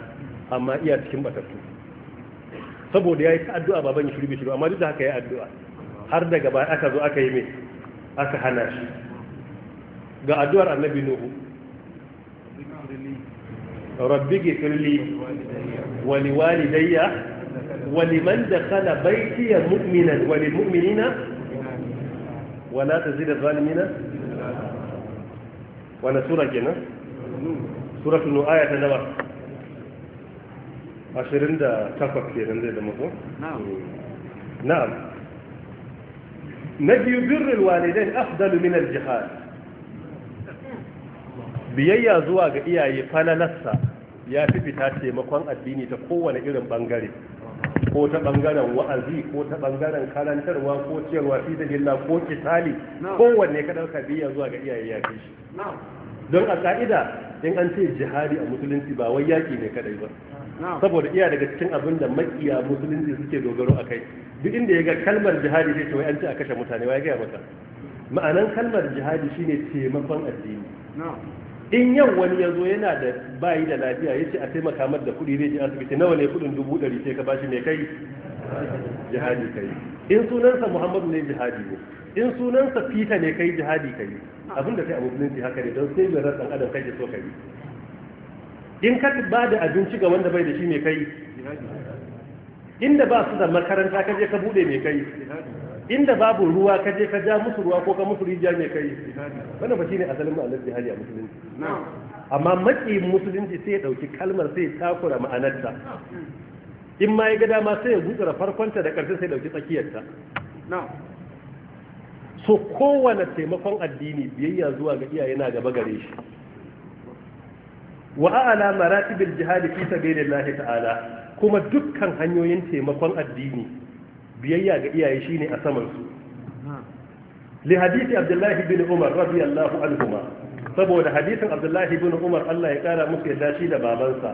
amma iya cikin batattu saboda yayi addu'a baban ya shirbi shi amma duk da haka yayi addu'a har daga baya aka zo aka yi mai aka hana shi ga addu'ar annabi nuhu rabbi gifirli wa liwalidayya wa liman dakhala baytiya mu'minan wa lil mu'minina wala ta az-zalimina wala sura kenan sura nur aya ta nawa 28 kenan zai da ko na'am biyu birrul walidain afdalu min al biyayya zuwa ga iyaye falalassa ya fi fita taimakon addini ta kowane irin bangare ko ta bangaren wa'azi ko ta bangaren karantarwa ko ciyarwa fi da lillah ko kitali kowanne ka dauka biya zuwa ga iyaye ya fi shi don a ka'ida in an ce jihadi a musulunci ba wai yaƙi ne kadai ba saboda iya daga cikin abin da makiya musulunci suke dogaro a kai, duk inda ya ga kalmar jihadi sai wai an ce a kashe mutane wai gaya maka ma'anan kalmar jihadi shine taimakon addini in yau wani ya zo yana da bayi da lafiya ya ce a taimaka mar da kuɗi zai je asibiti nawa ne kuɗin dubu ɗari sai ka bashi mai kai jihadi kai in sunansa muhammadu ne jihadi ne in sunansa peter ne kai jihadi kai abin da kai abu musulunci haka ne don sai mai rasan adam kai so kai in ka ba da abinci ga wanda bai da shi mai kai inda ba su da makaranta ka je ka bude mai kai inda babu ruwa ka je ka ja musu ruwa ko ka musu rijiya mai kai wannan ba shine asalin ma'anar jihadi a musulunci amma maki musulunci sai ya dauki kalmar sai ya takura ma'anarta in ma ya ga dama sai ya gutsura farkonta da karshen sai ya dauki tsakiyarta so kowane taimakon addini biyayya zuwa ga iyaye na gaba gare shi wa a'ala maratibil jihadi fi sabilillahi ta'ala kuma dukkan hanyoyin taimakon addini biyayya ga iyaye shine a saman su li hadisi abdullahi bin umar radiyallahu anhuma saboda hadisin abdullahi bin umar Allah ya kara musu yadda shi da babansa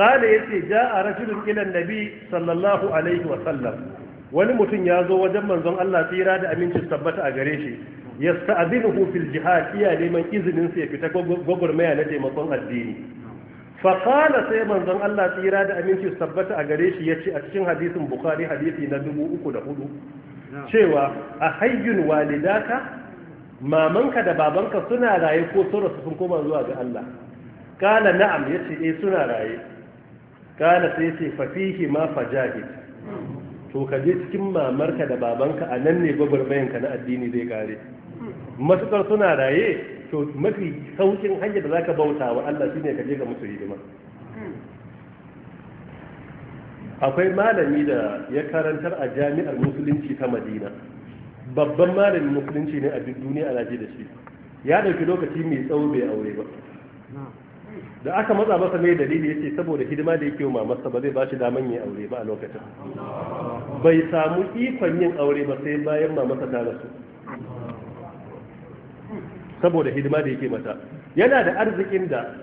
kada yace ja'a rajulun ila nabi sallallahu alaihi wa sallam wani mutum ya zo wajen manzon Allah tsira da amincin tabbata a gare shi yasta'dhinuhu fil jihad iya neman izinin sa ya fita gwagwarmaya na taimakon addini faƙala sai manzon Allah tsira da aminci su tabbata a gare shi yace a cikin hadisin Bukhari hadisi na dubu da hudu cewa a hayyun walidaka mamanka da babanka suna raye ko sun su sun koma zuwa ga Allah kala na'am ya ce eh suna raye kala sai fa fihi ma fajahid to ka cikin mamarka da babanka a nan ne gwagwarmayanka na addini zai kare matukar suna raye to mafi saukin hanyar da zaka bauta wa Allah shine ka je ga musu hidima akwai malami da ya karantar a jami'ar musulunci ta Madina babban malamin musulunci ne a duk duniya a da shi ya dauki lokaci mai tsawo bai aure ba da aka matsa masa mai dalili ce saboda hidima da yake yi masa ba zai ba shi daman yin aure ba a lokacin bai samu ikon yin aure ba sai bayan ma ta rasu saboda hidima da yake mata yana da arzikin da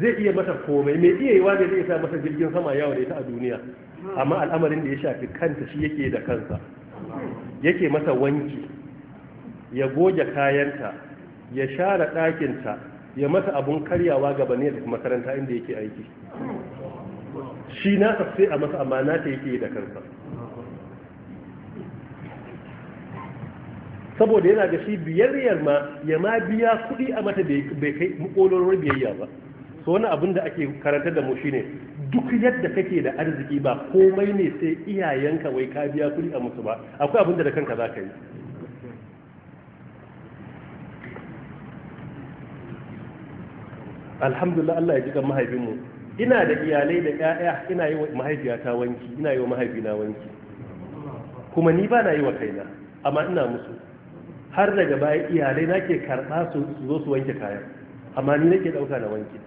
zai iya mata komai mai iya yiwa ne zai sa masa jirgin sama yawo da ita a duniya amma al'amarin da ya shafi kanta shi yake da kansa yake mata wanki ya goge kayanta ya share ɗakinta ya mata abun karyawa gaba ne da makaranta inda yake aiki shi na sai a masa amma nata yake da kansa saboda yana da shi biyayyar ma ya ma biya kuɗi a mata bai kai mukololwar biyayya ba so wani abin da ake karanta da mu shine duk yadda kake da arziki ba komai ne sai iyayenka wai ka biya kuɗi a musu ba akwai abin da da kanka za ka yi alhamdulillah Allah ya ji kan mahaifinmu ina da iyalai da 'ya'ya ina yi wa mahaifiyata wanki ina yi wa mahaifina wanki kuma ni ba na yi wa kaina amma ina musu har daga baya iyalai na ke karɓa su zo su wanke kayan amma ni nake ɗauka na wanke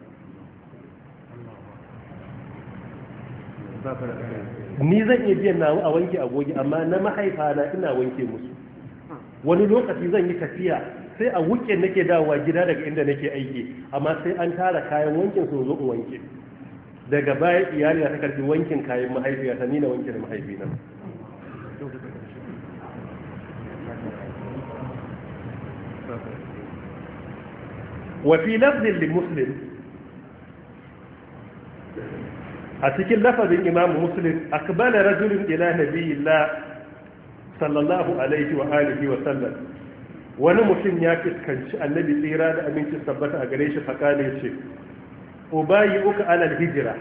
ni zan iya biyan nawa a wanke agogi amma na mahaifa na ina wanke musu wani lokaci zan yi tafiya sai a wuke nake dawowa gida daga inda nake aiki amma sai an tara kayan wankin su zo wanke daga baya iyali ta karbi wankin kayan mahaifiyata ni na wanke da mahaifina وفي لفظ li a cikin lafazin imamu رجل akbala نبي الله صلى sallallahu alaihi wa وسلم wa sallam wani mutum ya fuskanci annabi tsira da aminci tabbata a gare shi fakale ce ubayi hijira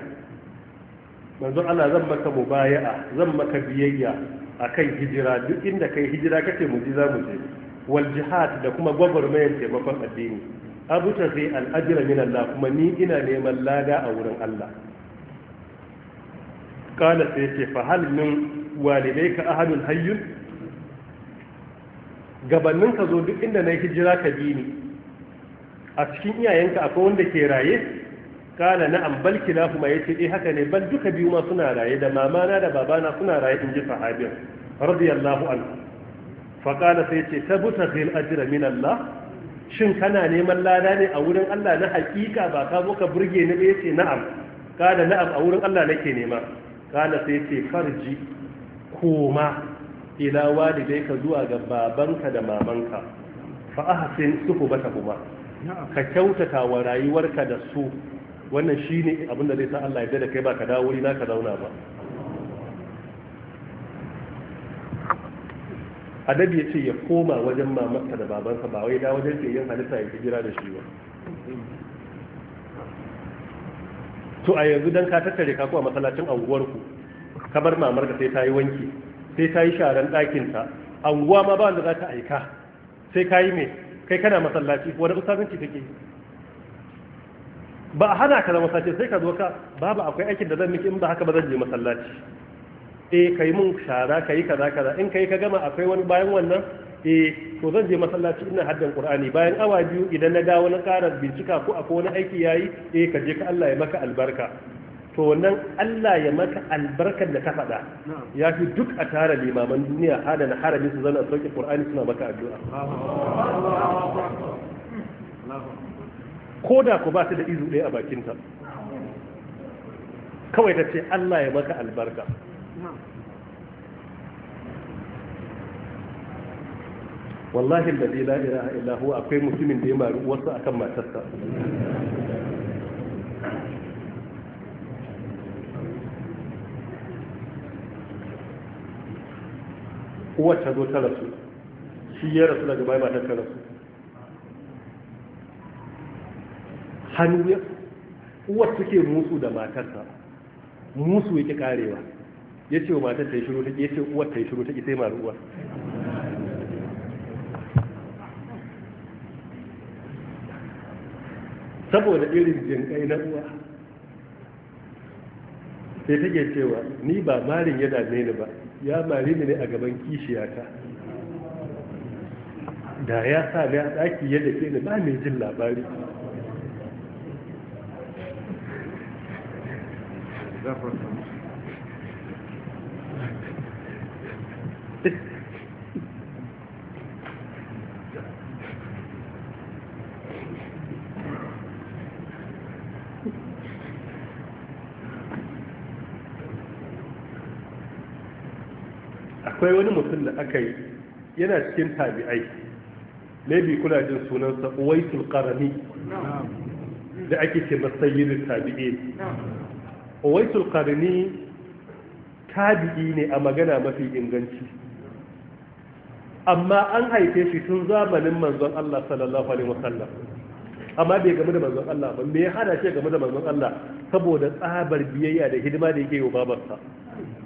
manzo zan maka mubaya'a zan maka biyayya akan hijira duk inda kai hijira kake mu ji za mu je wal jihad da kuma gwagwarmayar taimakon addini abu ta zai al'ajira min Allah kuma ni ina neman lada a wurin Allah kala sai ce fa min walidai ka ahadun hayyun gabanin ka zo duk inda na hijira ka bi ni a cikin iyayenka akwai wanda ke raye kala na ambal kila kuma yace eh haka ne bal duka biyu ma suna raye da mamana da babana suna raye in ji sahabin radiyallahu anhu fa kala sai ce tabuta zai al'ajira min Allah shin kana neman lada ne a wurin Allah na hakika ba ka zo ka burge ni ba yace na'am kada na'am a wurin Allah nake nema kana sai yace farji koma ila ka zuwa ga babanka da mamanka fa ahsin kuma ka kyautata wa rayuwarka da su wannan shine abin da zai sa Allah ya da kai ba ka dawo ina ka zauna ba annabi ya ce ya koma wajen mamarsa da babansa ba wai da wajen yin halitta ya jira da shi ba to a yanzu don ka tattare ka a masallacin anguwarku kamar mamar ka sai ta yi wanki sai ta yi sharan ɗakinta anguwa ma ba wanda za ta aika sai ka yi mai kai kana masallaci wani usabanci take ba a hana ka da masallaci sai ka zo ka babu akwai aikin da zan miki in ba haka ba zan je masallaci eh kai mun shara kai kaza kaza in ka yi ka gama akwai wani bayan wannan eh to zan je masallaci ina haddan qur'ani bayan awa biyu idan na dawo na karar bincika ko akwai wani aiki yayi eh ka je ka Allah ya maka albarka to wannan Allah ya maka albarkar da ta faɗa ya fi duk a tara limaman duniya adana harami su zana sauke qur'ani suna maka addu'a ko da ku ba su da izu ɗaya a bakinta kawai ta ce Allah ya maka albarka wallahi zai la ilaha illa huwa akwai mutumin da ya maru wasu akan matarsa uwar ta zo ta rasu shi ya rasu daga ya matar ta rasu hannu ya uwar suke musu da matarsa musu yake karewa ya ce wa matar ta yi shiru ta ya ce uwar ta yi shiru ta ki sai maru uwar saboda irin jinkai na uwa sai take cewa ni ba marin ya dame ni ba ya mari ni ne a gaban kishiyata da ya sa ni a ɗaki yadda ke ni ba mai jin labari akwai wani mutum da aka yi yana cikin tabi'ai maybe kuna jin sunansa uwaisul qarani da ake ce masayyid tabi'in uwaisul qarani tabi'i ne a magana mafi inganci amma an haife shi tun zamanin manzon Allah sallallahu alaihi wasallam amma bai game da manzon Allah ba me ya hada shi game da manzon Allah saboda tsabar biyayya da hidima da yake yi wa babarsa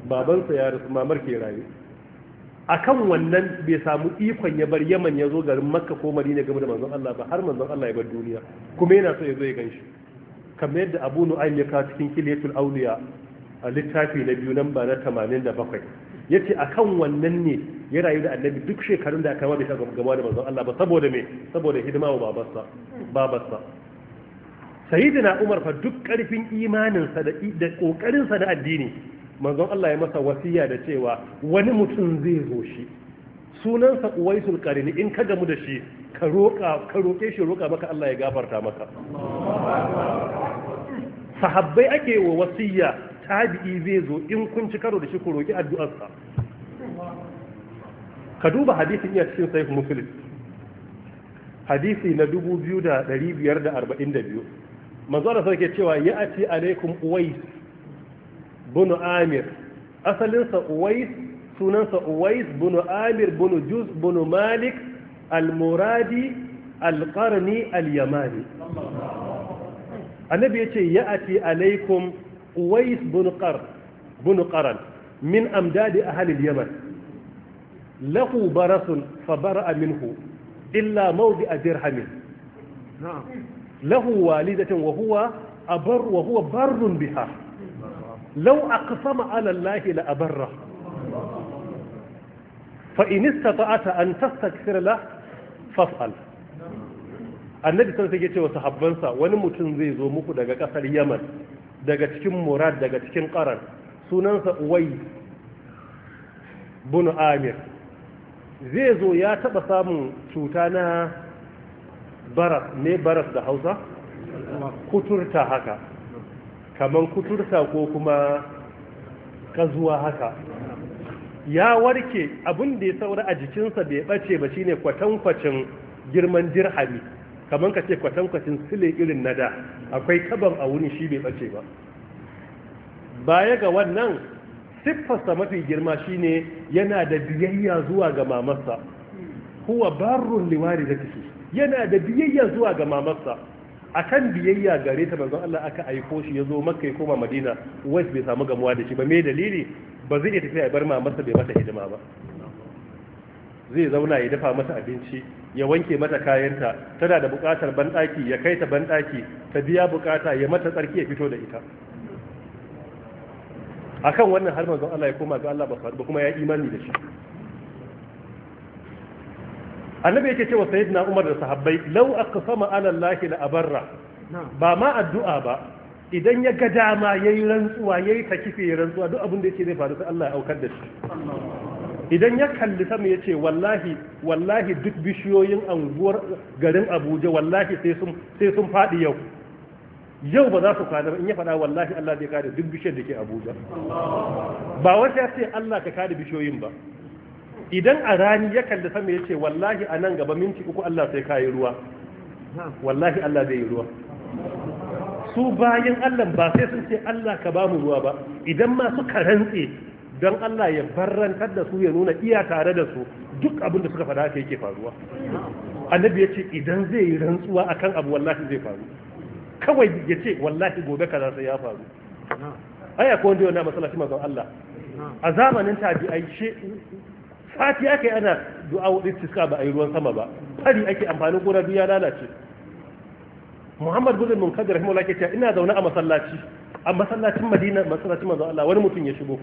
babansa ya rasu mamar ke rayu akan wannan bai samu ikon ya bar yaman ya zo garin makka ko madina game da manzon Allah ba har manzon Allah ya bar duniya kuma yana so ya zo ya ganshi kamar yadda abu nu'aym ya kawo cikin kilatul awliya a littafi na biyu nan ba na 87 yace akan wannan ne ya rayu da annabi duk shekarun da aka ma bai ta gaba da manzon Allah ba saboda me saboda hidima wa babarsa babarsa sayyidina umar fa duk karfin imaninsa da kokarinsa na addini manzon Allah ya masa wasiya da cewa wani mutum zai zo shi sunansa uwaisul qarini in ka gamu da shi ka roƙa ka roƙe shi roƙa maka Allah ya gafarta maka sahabbai ake wa wasiya tabi'i zai zo in kun ci karo da shi ku roƙi addu'arsa ka duba hadisin ya cikin sahih muslim hadisi na 2542 manzo Allah sai ke cewa ya ati alaikum uwais bunu amir asalinsa uwais sunansa uwais bunu amir bunu juz bunu malik al-muradi al ya al-yamani annabi yace ya'ati alaikum uwais bunu qar min amdadi ahli al-yaman lahu barasun fabara'a minhu illa a dirhamin lahu walidatin wa huwa biha Lau aqsama ala Allah la abarra fa an tastaghfir la faf'al annabi sun yake cewa sahabbansa wani mutum zai zo muku daga kasar Yaman daga cikin Murad daga cikin Qaran sunansa Uwai bin Amir zai zo ya taba samun cuta na baras ne baras da Hausa kuturta haka kamar kuturta ko kuma kazuwa haka ya warke abin da ya saura a jikinsa bai bace ba shine kwatankwacin girman dirhami kamar ka ce kwatankwacin sile irin na da akwai taban a wuni shi bai bace ba baya ga wannan siffarsa mafi girma shine yana da biyayya zuwa ga mamarsa huwa barrun liwari da yana da biyayya zuwa ga mamarsa a kan biyayya gare ta manzon Allah aka aiko shi ya zo makka ya koma madina wais bai samu gamuwa da shi ba me dalili ba zai iya tafiya ya bar ma masa bai mata hidima ba zai zauna ya dafa mata abinci ya wanke mata kayanta tana da bukatar banɗaki ya kai ta banɗaki ta biya bukata ya mata tsarki ya fito da ita akan wannan har manzon Allah ya koma ga Allah ba kuma ya imani da shi annabi yake cewa sayyidina umar da sahabbai law aqsama ala allah la abarra ba ma addu'a ba idan ya ga dama yayi rantsuwa yayi takife yayi rantsuwa duk abin da yake zai faru sai Allah ya aukar da shi idan ya kalli sama ya ce wallahi wallahi duk bishiyoyin anguwar garin abuja wallahi sai sun faɗi yau yau ba za su kwana in ya faɗa wallahi allah zai kare duk bishiyar da ke abuja ba wata ya ce allah ka kare bishiyoyin ba idan a rani ya kalli sama ya ce wallahi a nan gaba minti uku Allah sai kayi ruwa wallahi Allah zai yi ruwa su bayan Allah ba sai sun ce Allah ka ba mu ruwa ba idan ma suka rantse don Allah ya barrantar da su ya nuna iya tare da su duk abin da suka faɗa haka yake faruwa annabi ya ce idan zai yi rantsuwa akan abu wallahi zai faru kawai ya ce wallahi gobe kaza sai ya faru Aya akwai wanda yana masallaci mazan Allah a zamanin tabi'ai sati ake ana du'a wadda iska ba a yi ruwan sama ba fari ake amfanin gona duk ya lalace muhammad bin munkadir rahimahullah ke ce ina zaune a masallaci a masallacin madina masallacin manzo Allah wani mutum ya shigo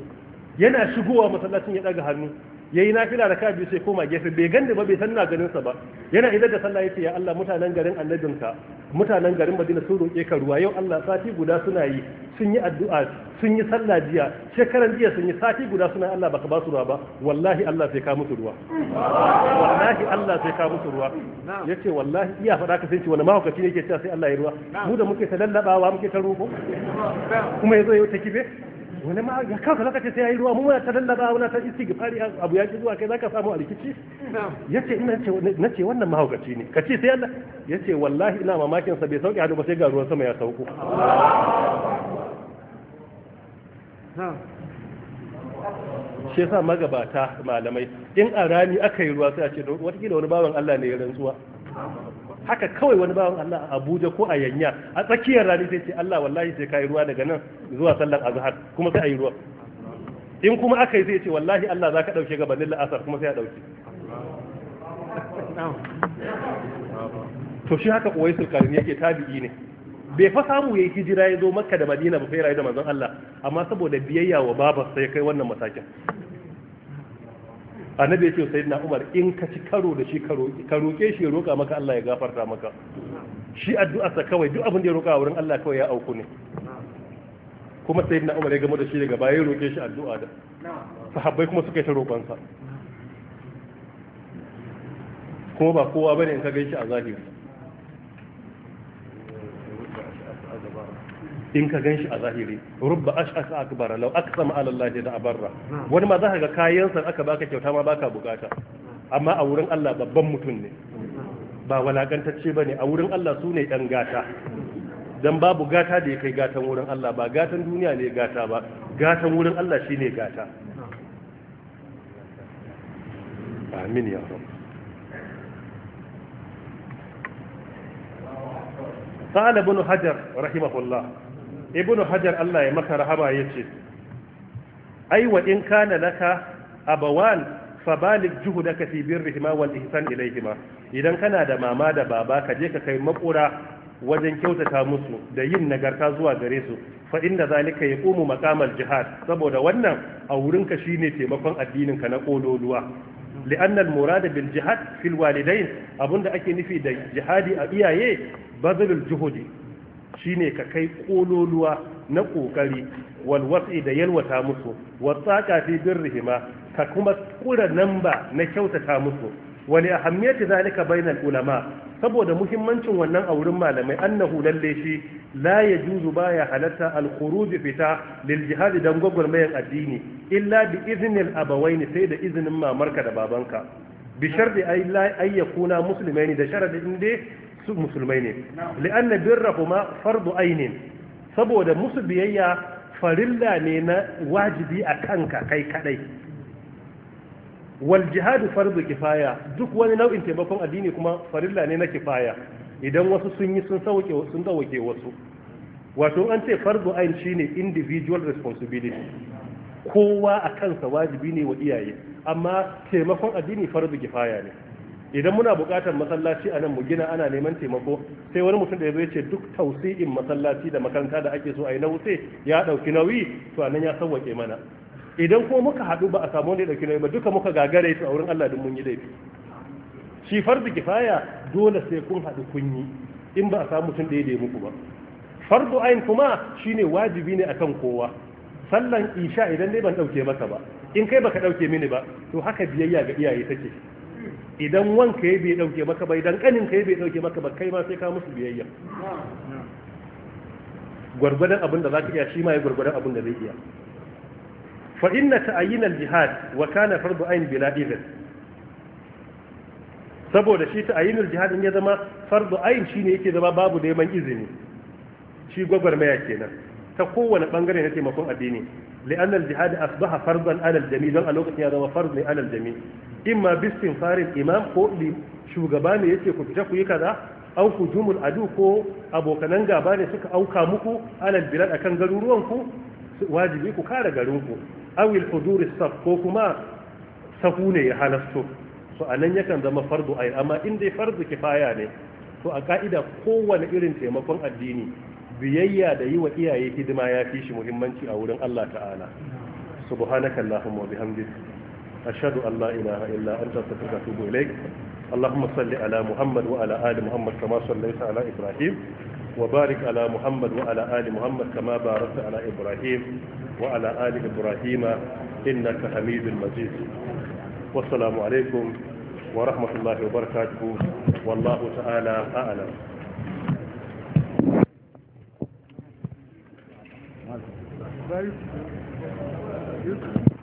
yana shigowa masallacin ya daga hannu yayi nafila da kabi sai koma gefe bai ganda ba bai san na ganin sa ba yana idan da sallah yace ya Allah mutanen garin annabinka mutanen garin Madina sun roke ka ruwa yau Allah sati guda suna yi sun yi addu'a sun yi sallah jiya shekaran jiya sun yi sati guda suna Allah baka ba su ruwa ba wallahi Allah sai ka musu ruwa wallahi Allah sai ka musu ruwa yace wallahi iya fada ka sai ce wani mahaukaci ne yake cewa sai Allah ya ruwa mu da muke ta muke ta roƙo kuma yazo ya ta kife wani ma ya kansa kace sai ya yi ruwa mu muna ta lallaba muna ta istighfari abu ya ji zuwa kai zaka samu a rikici yace ina ce nace wannan mahaukaci ne kace sai Allah yace wallahi ina mamakin sa bai sauke hadu ba sai ga ruwan sama ya sauko shi yasa magabata malamai in a rani aka yi ruwa sai a ce watakila wani bawan Allah ne ya rantsuwa haka kawai wani bawan Allah a Abuja ko a Yanya a tsakiyar rani sai ce Allah wallahi sai kai ruwa daga nan zuwa sallar azhar kuma sai ayi ruwa in kuma aka yi sai ce wallahi Allah zaka dauke gabanin la'asar kuma sai ya dauke to shi haka kuwaisul Karim yake tabi'i ne bai fa samu yayi hijira ya zo Makka da Madina ba sai rayu da manzon Allah amma saboda biyayya wa babarsa ya kai wannan matakin annabi ya ce sayyidina umar in ka ci karo da shi ka roƙe shi ya roƙa maka Allah ya gafarta maka shi addu'arsa kawai duk abin da ya roƙa wurin Allah kawai ya auku ne kuma sayyidina umar ya gama da shi daga baya ya roƙe shi addu'a da sahabbai kuma suka yi ta roƙonsa kuma ba kowa bane in ka gaishe a zahiri in ka ganshi a zahiri rubba ash akbara law aqsama ala Allah da abarra wani ma zaka ga kayansa aka baka kyauta ma baka bukata amma a wurin Allah babban mutum ne ba walakantacce bane a wurin Allah sune ɗan gata dan babu gata da ya kai gatan wurin Allah ba gatan duniya ne gata ba gatan wurin Allah shine gata amin ya rabu قال ابن حجر رحمه الله ibnu hajar Allah ya maka rahama yace ce, wa in kana laka abawan fabalik juhudaka fi birrihima wal ihsan ilaihima idan kana da mama da baba ka je ka kai makura wajen kyautata musu da yin nagarta zuwa gare su fa inda zalika yaqumu maqamal jihad saboda wannan a wurin ka shine taimakon addinin ka na kololuwa li'anna al-murad bil jihad fil walidain abunda ake nufi da jihadi a iyaye bazalul juhudi shine ka kai kololuwa na kokari wal was'i da yalwata musu wa tsaka fi birrihima ka kuma kura namba na kyautata musu wani ahammiyati zalika bainal ulama saboda muhimmancin wannan a wurin malamai annahu lalle shi la yajuzu baya halatta al fita lil jihad dan gwagwarmayar addini illa bi iznil abawaini sai da izinin mamarka da babanka bi sharti ay la ay yakuna muslimaini da sharadin dai su musulmai ne li'anna birrahuma fardu aini saboda musu biyayya farilla ne na wajibi a kanka kai kadai wal jihadu fardu kifaya duk wani nau'in taimakon addini kuma farilla ne na kifaya idan wasu sun yi sun sauke sun dawoke wasu wato an ce fardu ain shine individual responsibility kowa a kansa wajibi ne wa iyaye amma taimakon addini fardu kifaya ne idan muna buƙatar masallaci a nan mu gina ana neman taimako sai wani mutum da ya zo ce duk tausi'in masallaci da makaranta da ake so a yi na wuce ya ɗauki nauyi to anan ya sauwaƙe mana idan kuma muka haɗu ba a samu wanda ya ɗauki nauyi ba duka muka gagare su a wurin Allah duk mun yi laifi shi fardu kifaya dole sai kun haɗu kun yi in ba a samu mutum da ya muku ba fardu ayin kuma shine wajibi ne akan kowa sallan isha idan dai ban ɗauke maka ba in kai baka ɗauke mini ba to haka biyayya ga iyaye take idan wanka ya bai dauke maka ba idan kanin ka ya bai dauke maka ba kai ma sai ka musu biyayya gwargwadon abin da za ka iya shi ma ya gwargwadon abin da zai iya fa inna ta'ayyin al-jihad wa kana fardu ayn bila idhn saboda shi ta'ayyin al-jihad in ya zama fardu ayn shine yake zama babu neman izini shi gwagwarmaya kenan ta kowane bangare na taimakon addini li'anna al-jihad asbaha fardan ala al-jami don a lokacin ya zama fard ne ala al-jami imma bistin farin imam ko li shugaba ne yace ku fita ku yi kaza aw hujumul adu ko abokanan gaba ne suka auka muku ala bilad akan garuruwan ku wajibi ku kare garin ku aw al-hudur as ko kuma safu ne ya halasto so anan yakan zama fardu ayi amma in dai fardu kifaya ne to a ka'ida kowane irin taimakon addini biyayya da yi wa iyaye hidima ya fi shi muhimmanci a wurin Allah ta'ala subhanaka allahumma bihamdika ashhadu an la ilaha illa anta astaghfiruka wa atubu ilaik allahumma salli ala muhammad wa ali muhammad kama sallaita ala ibrahim wa ala muhammad wa ali muhammad kama barakta ala ibrahim wa ala ali ibrahim innaka hamidul majid wassalamu alaikum wa rahmatullahi wa barakatuh wallahu ta'ala a'lam Дают. Дают.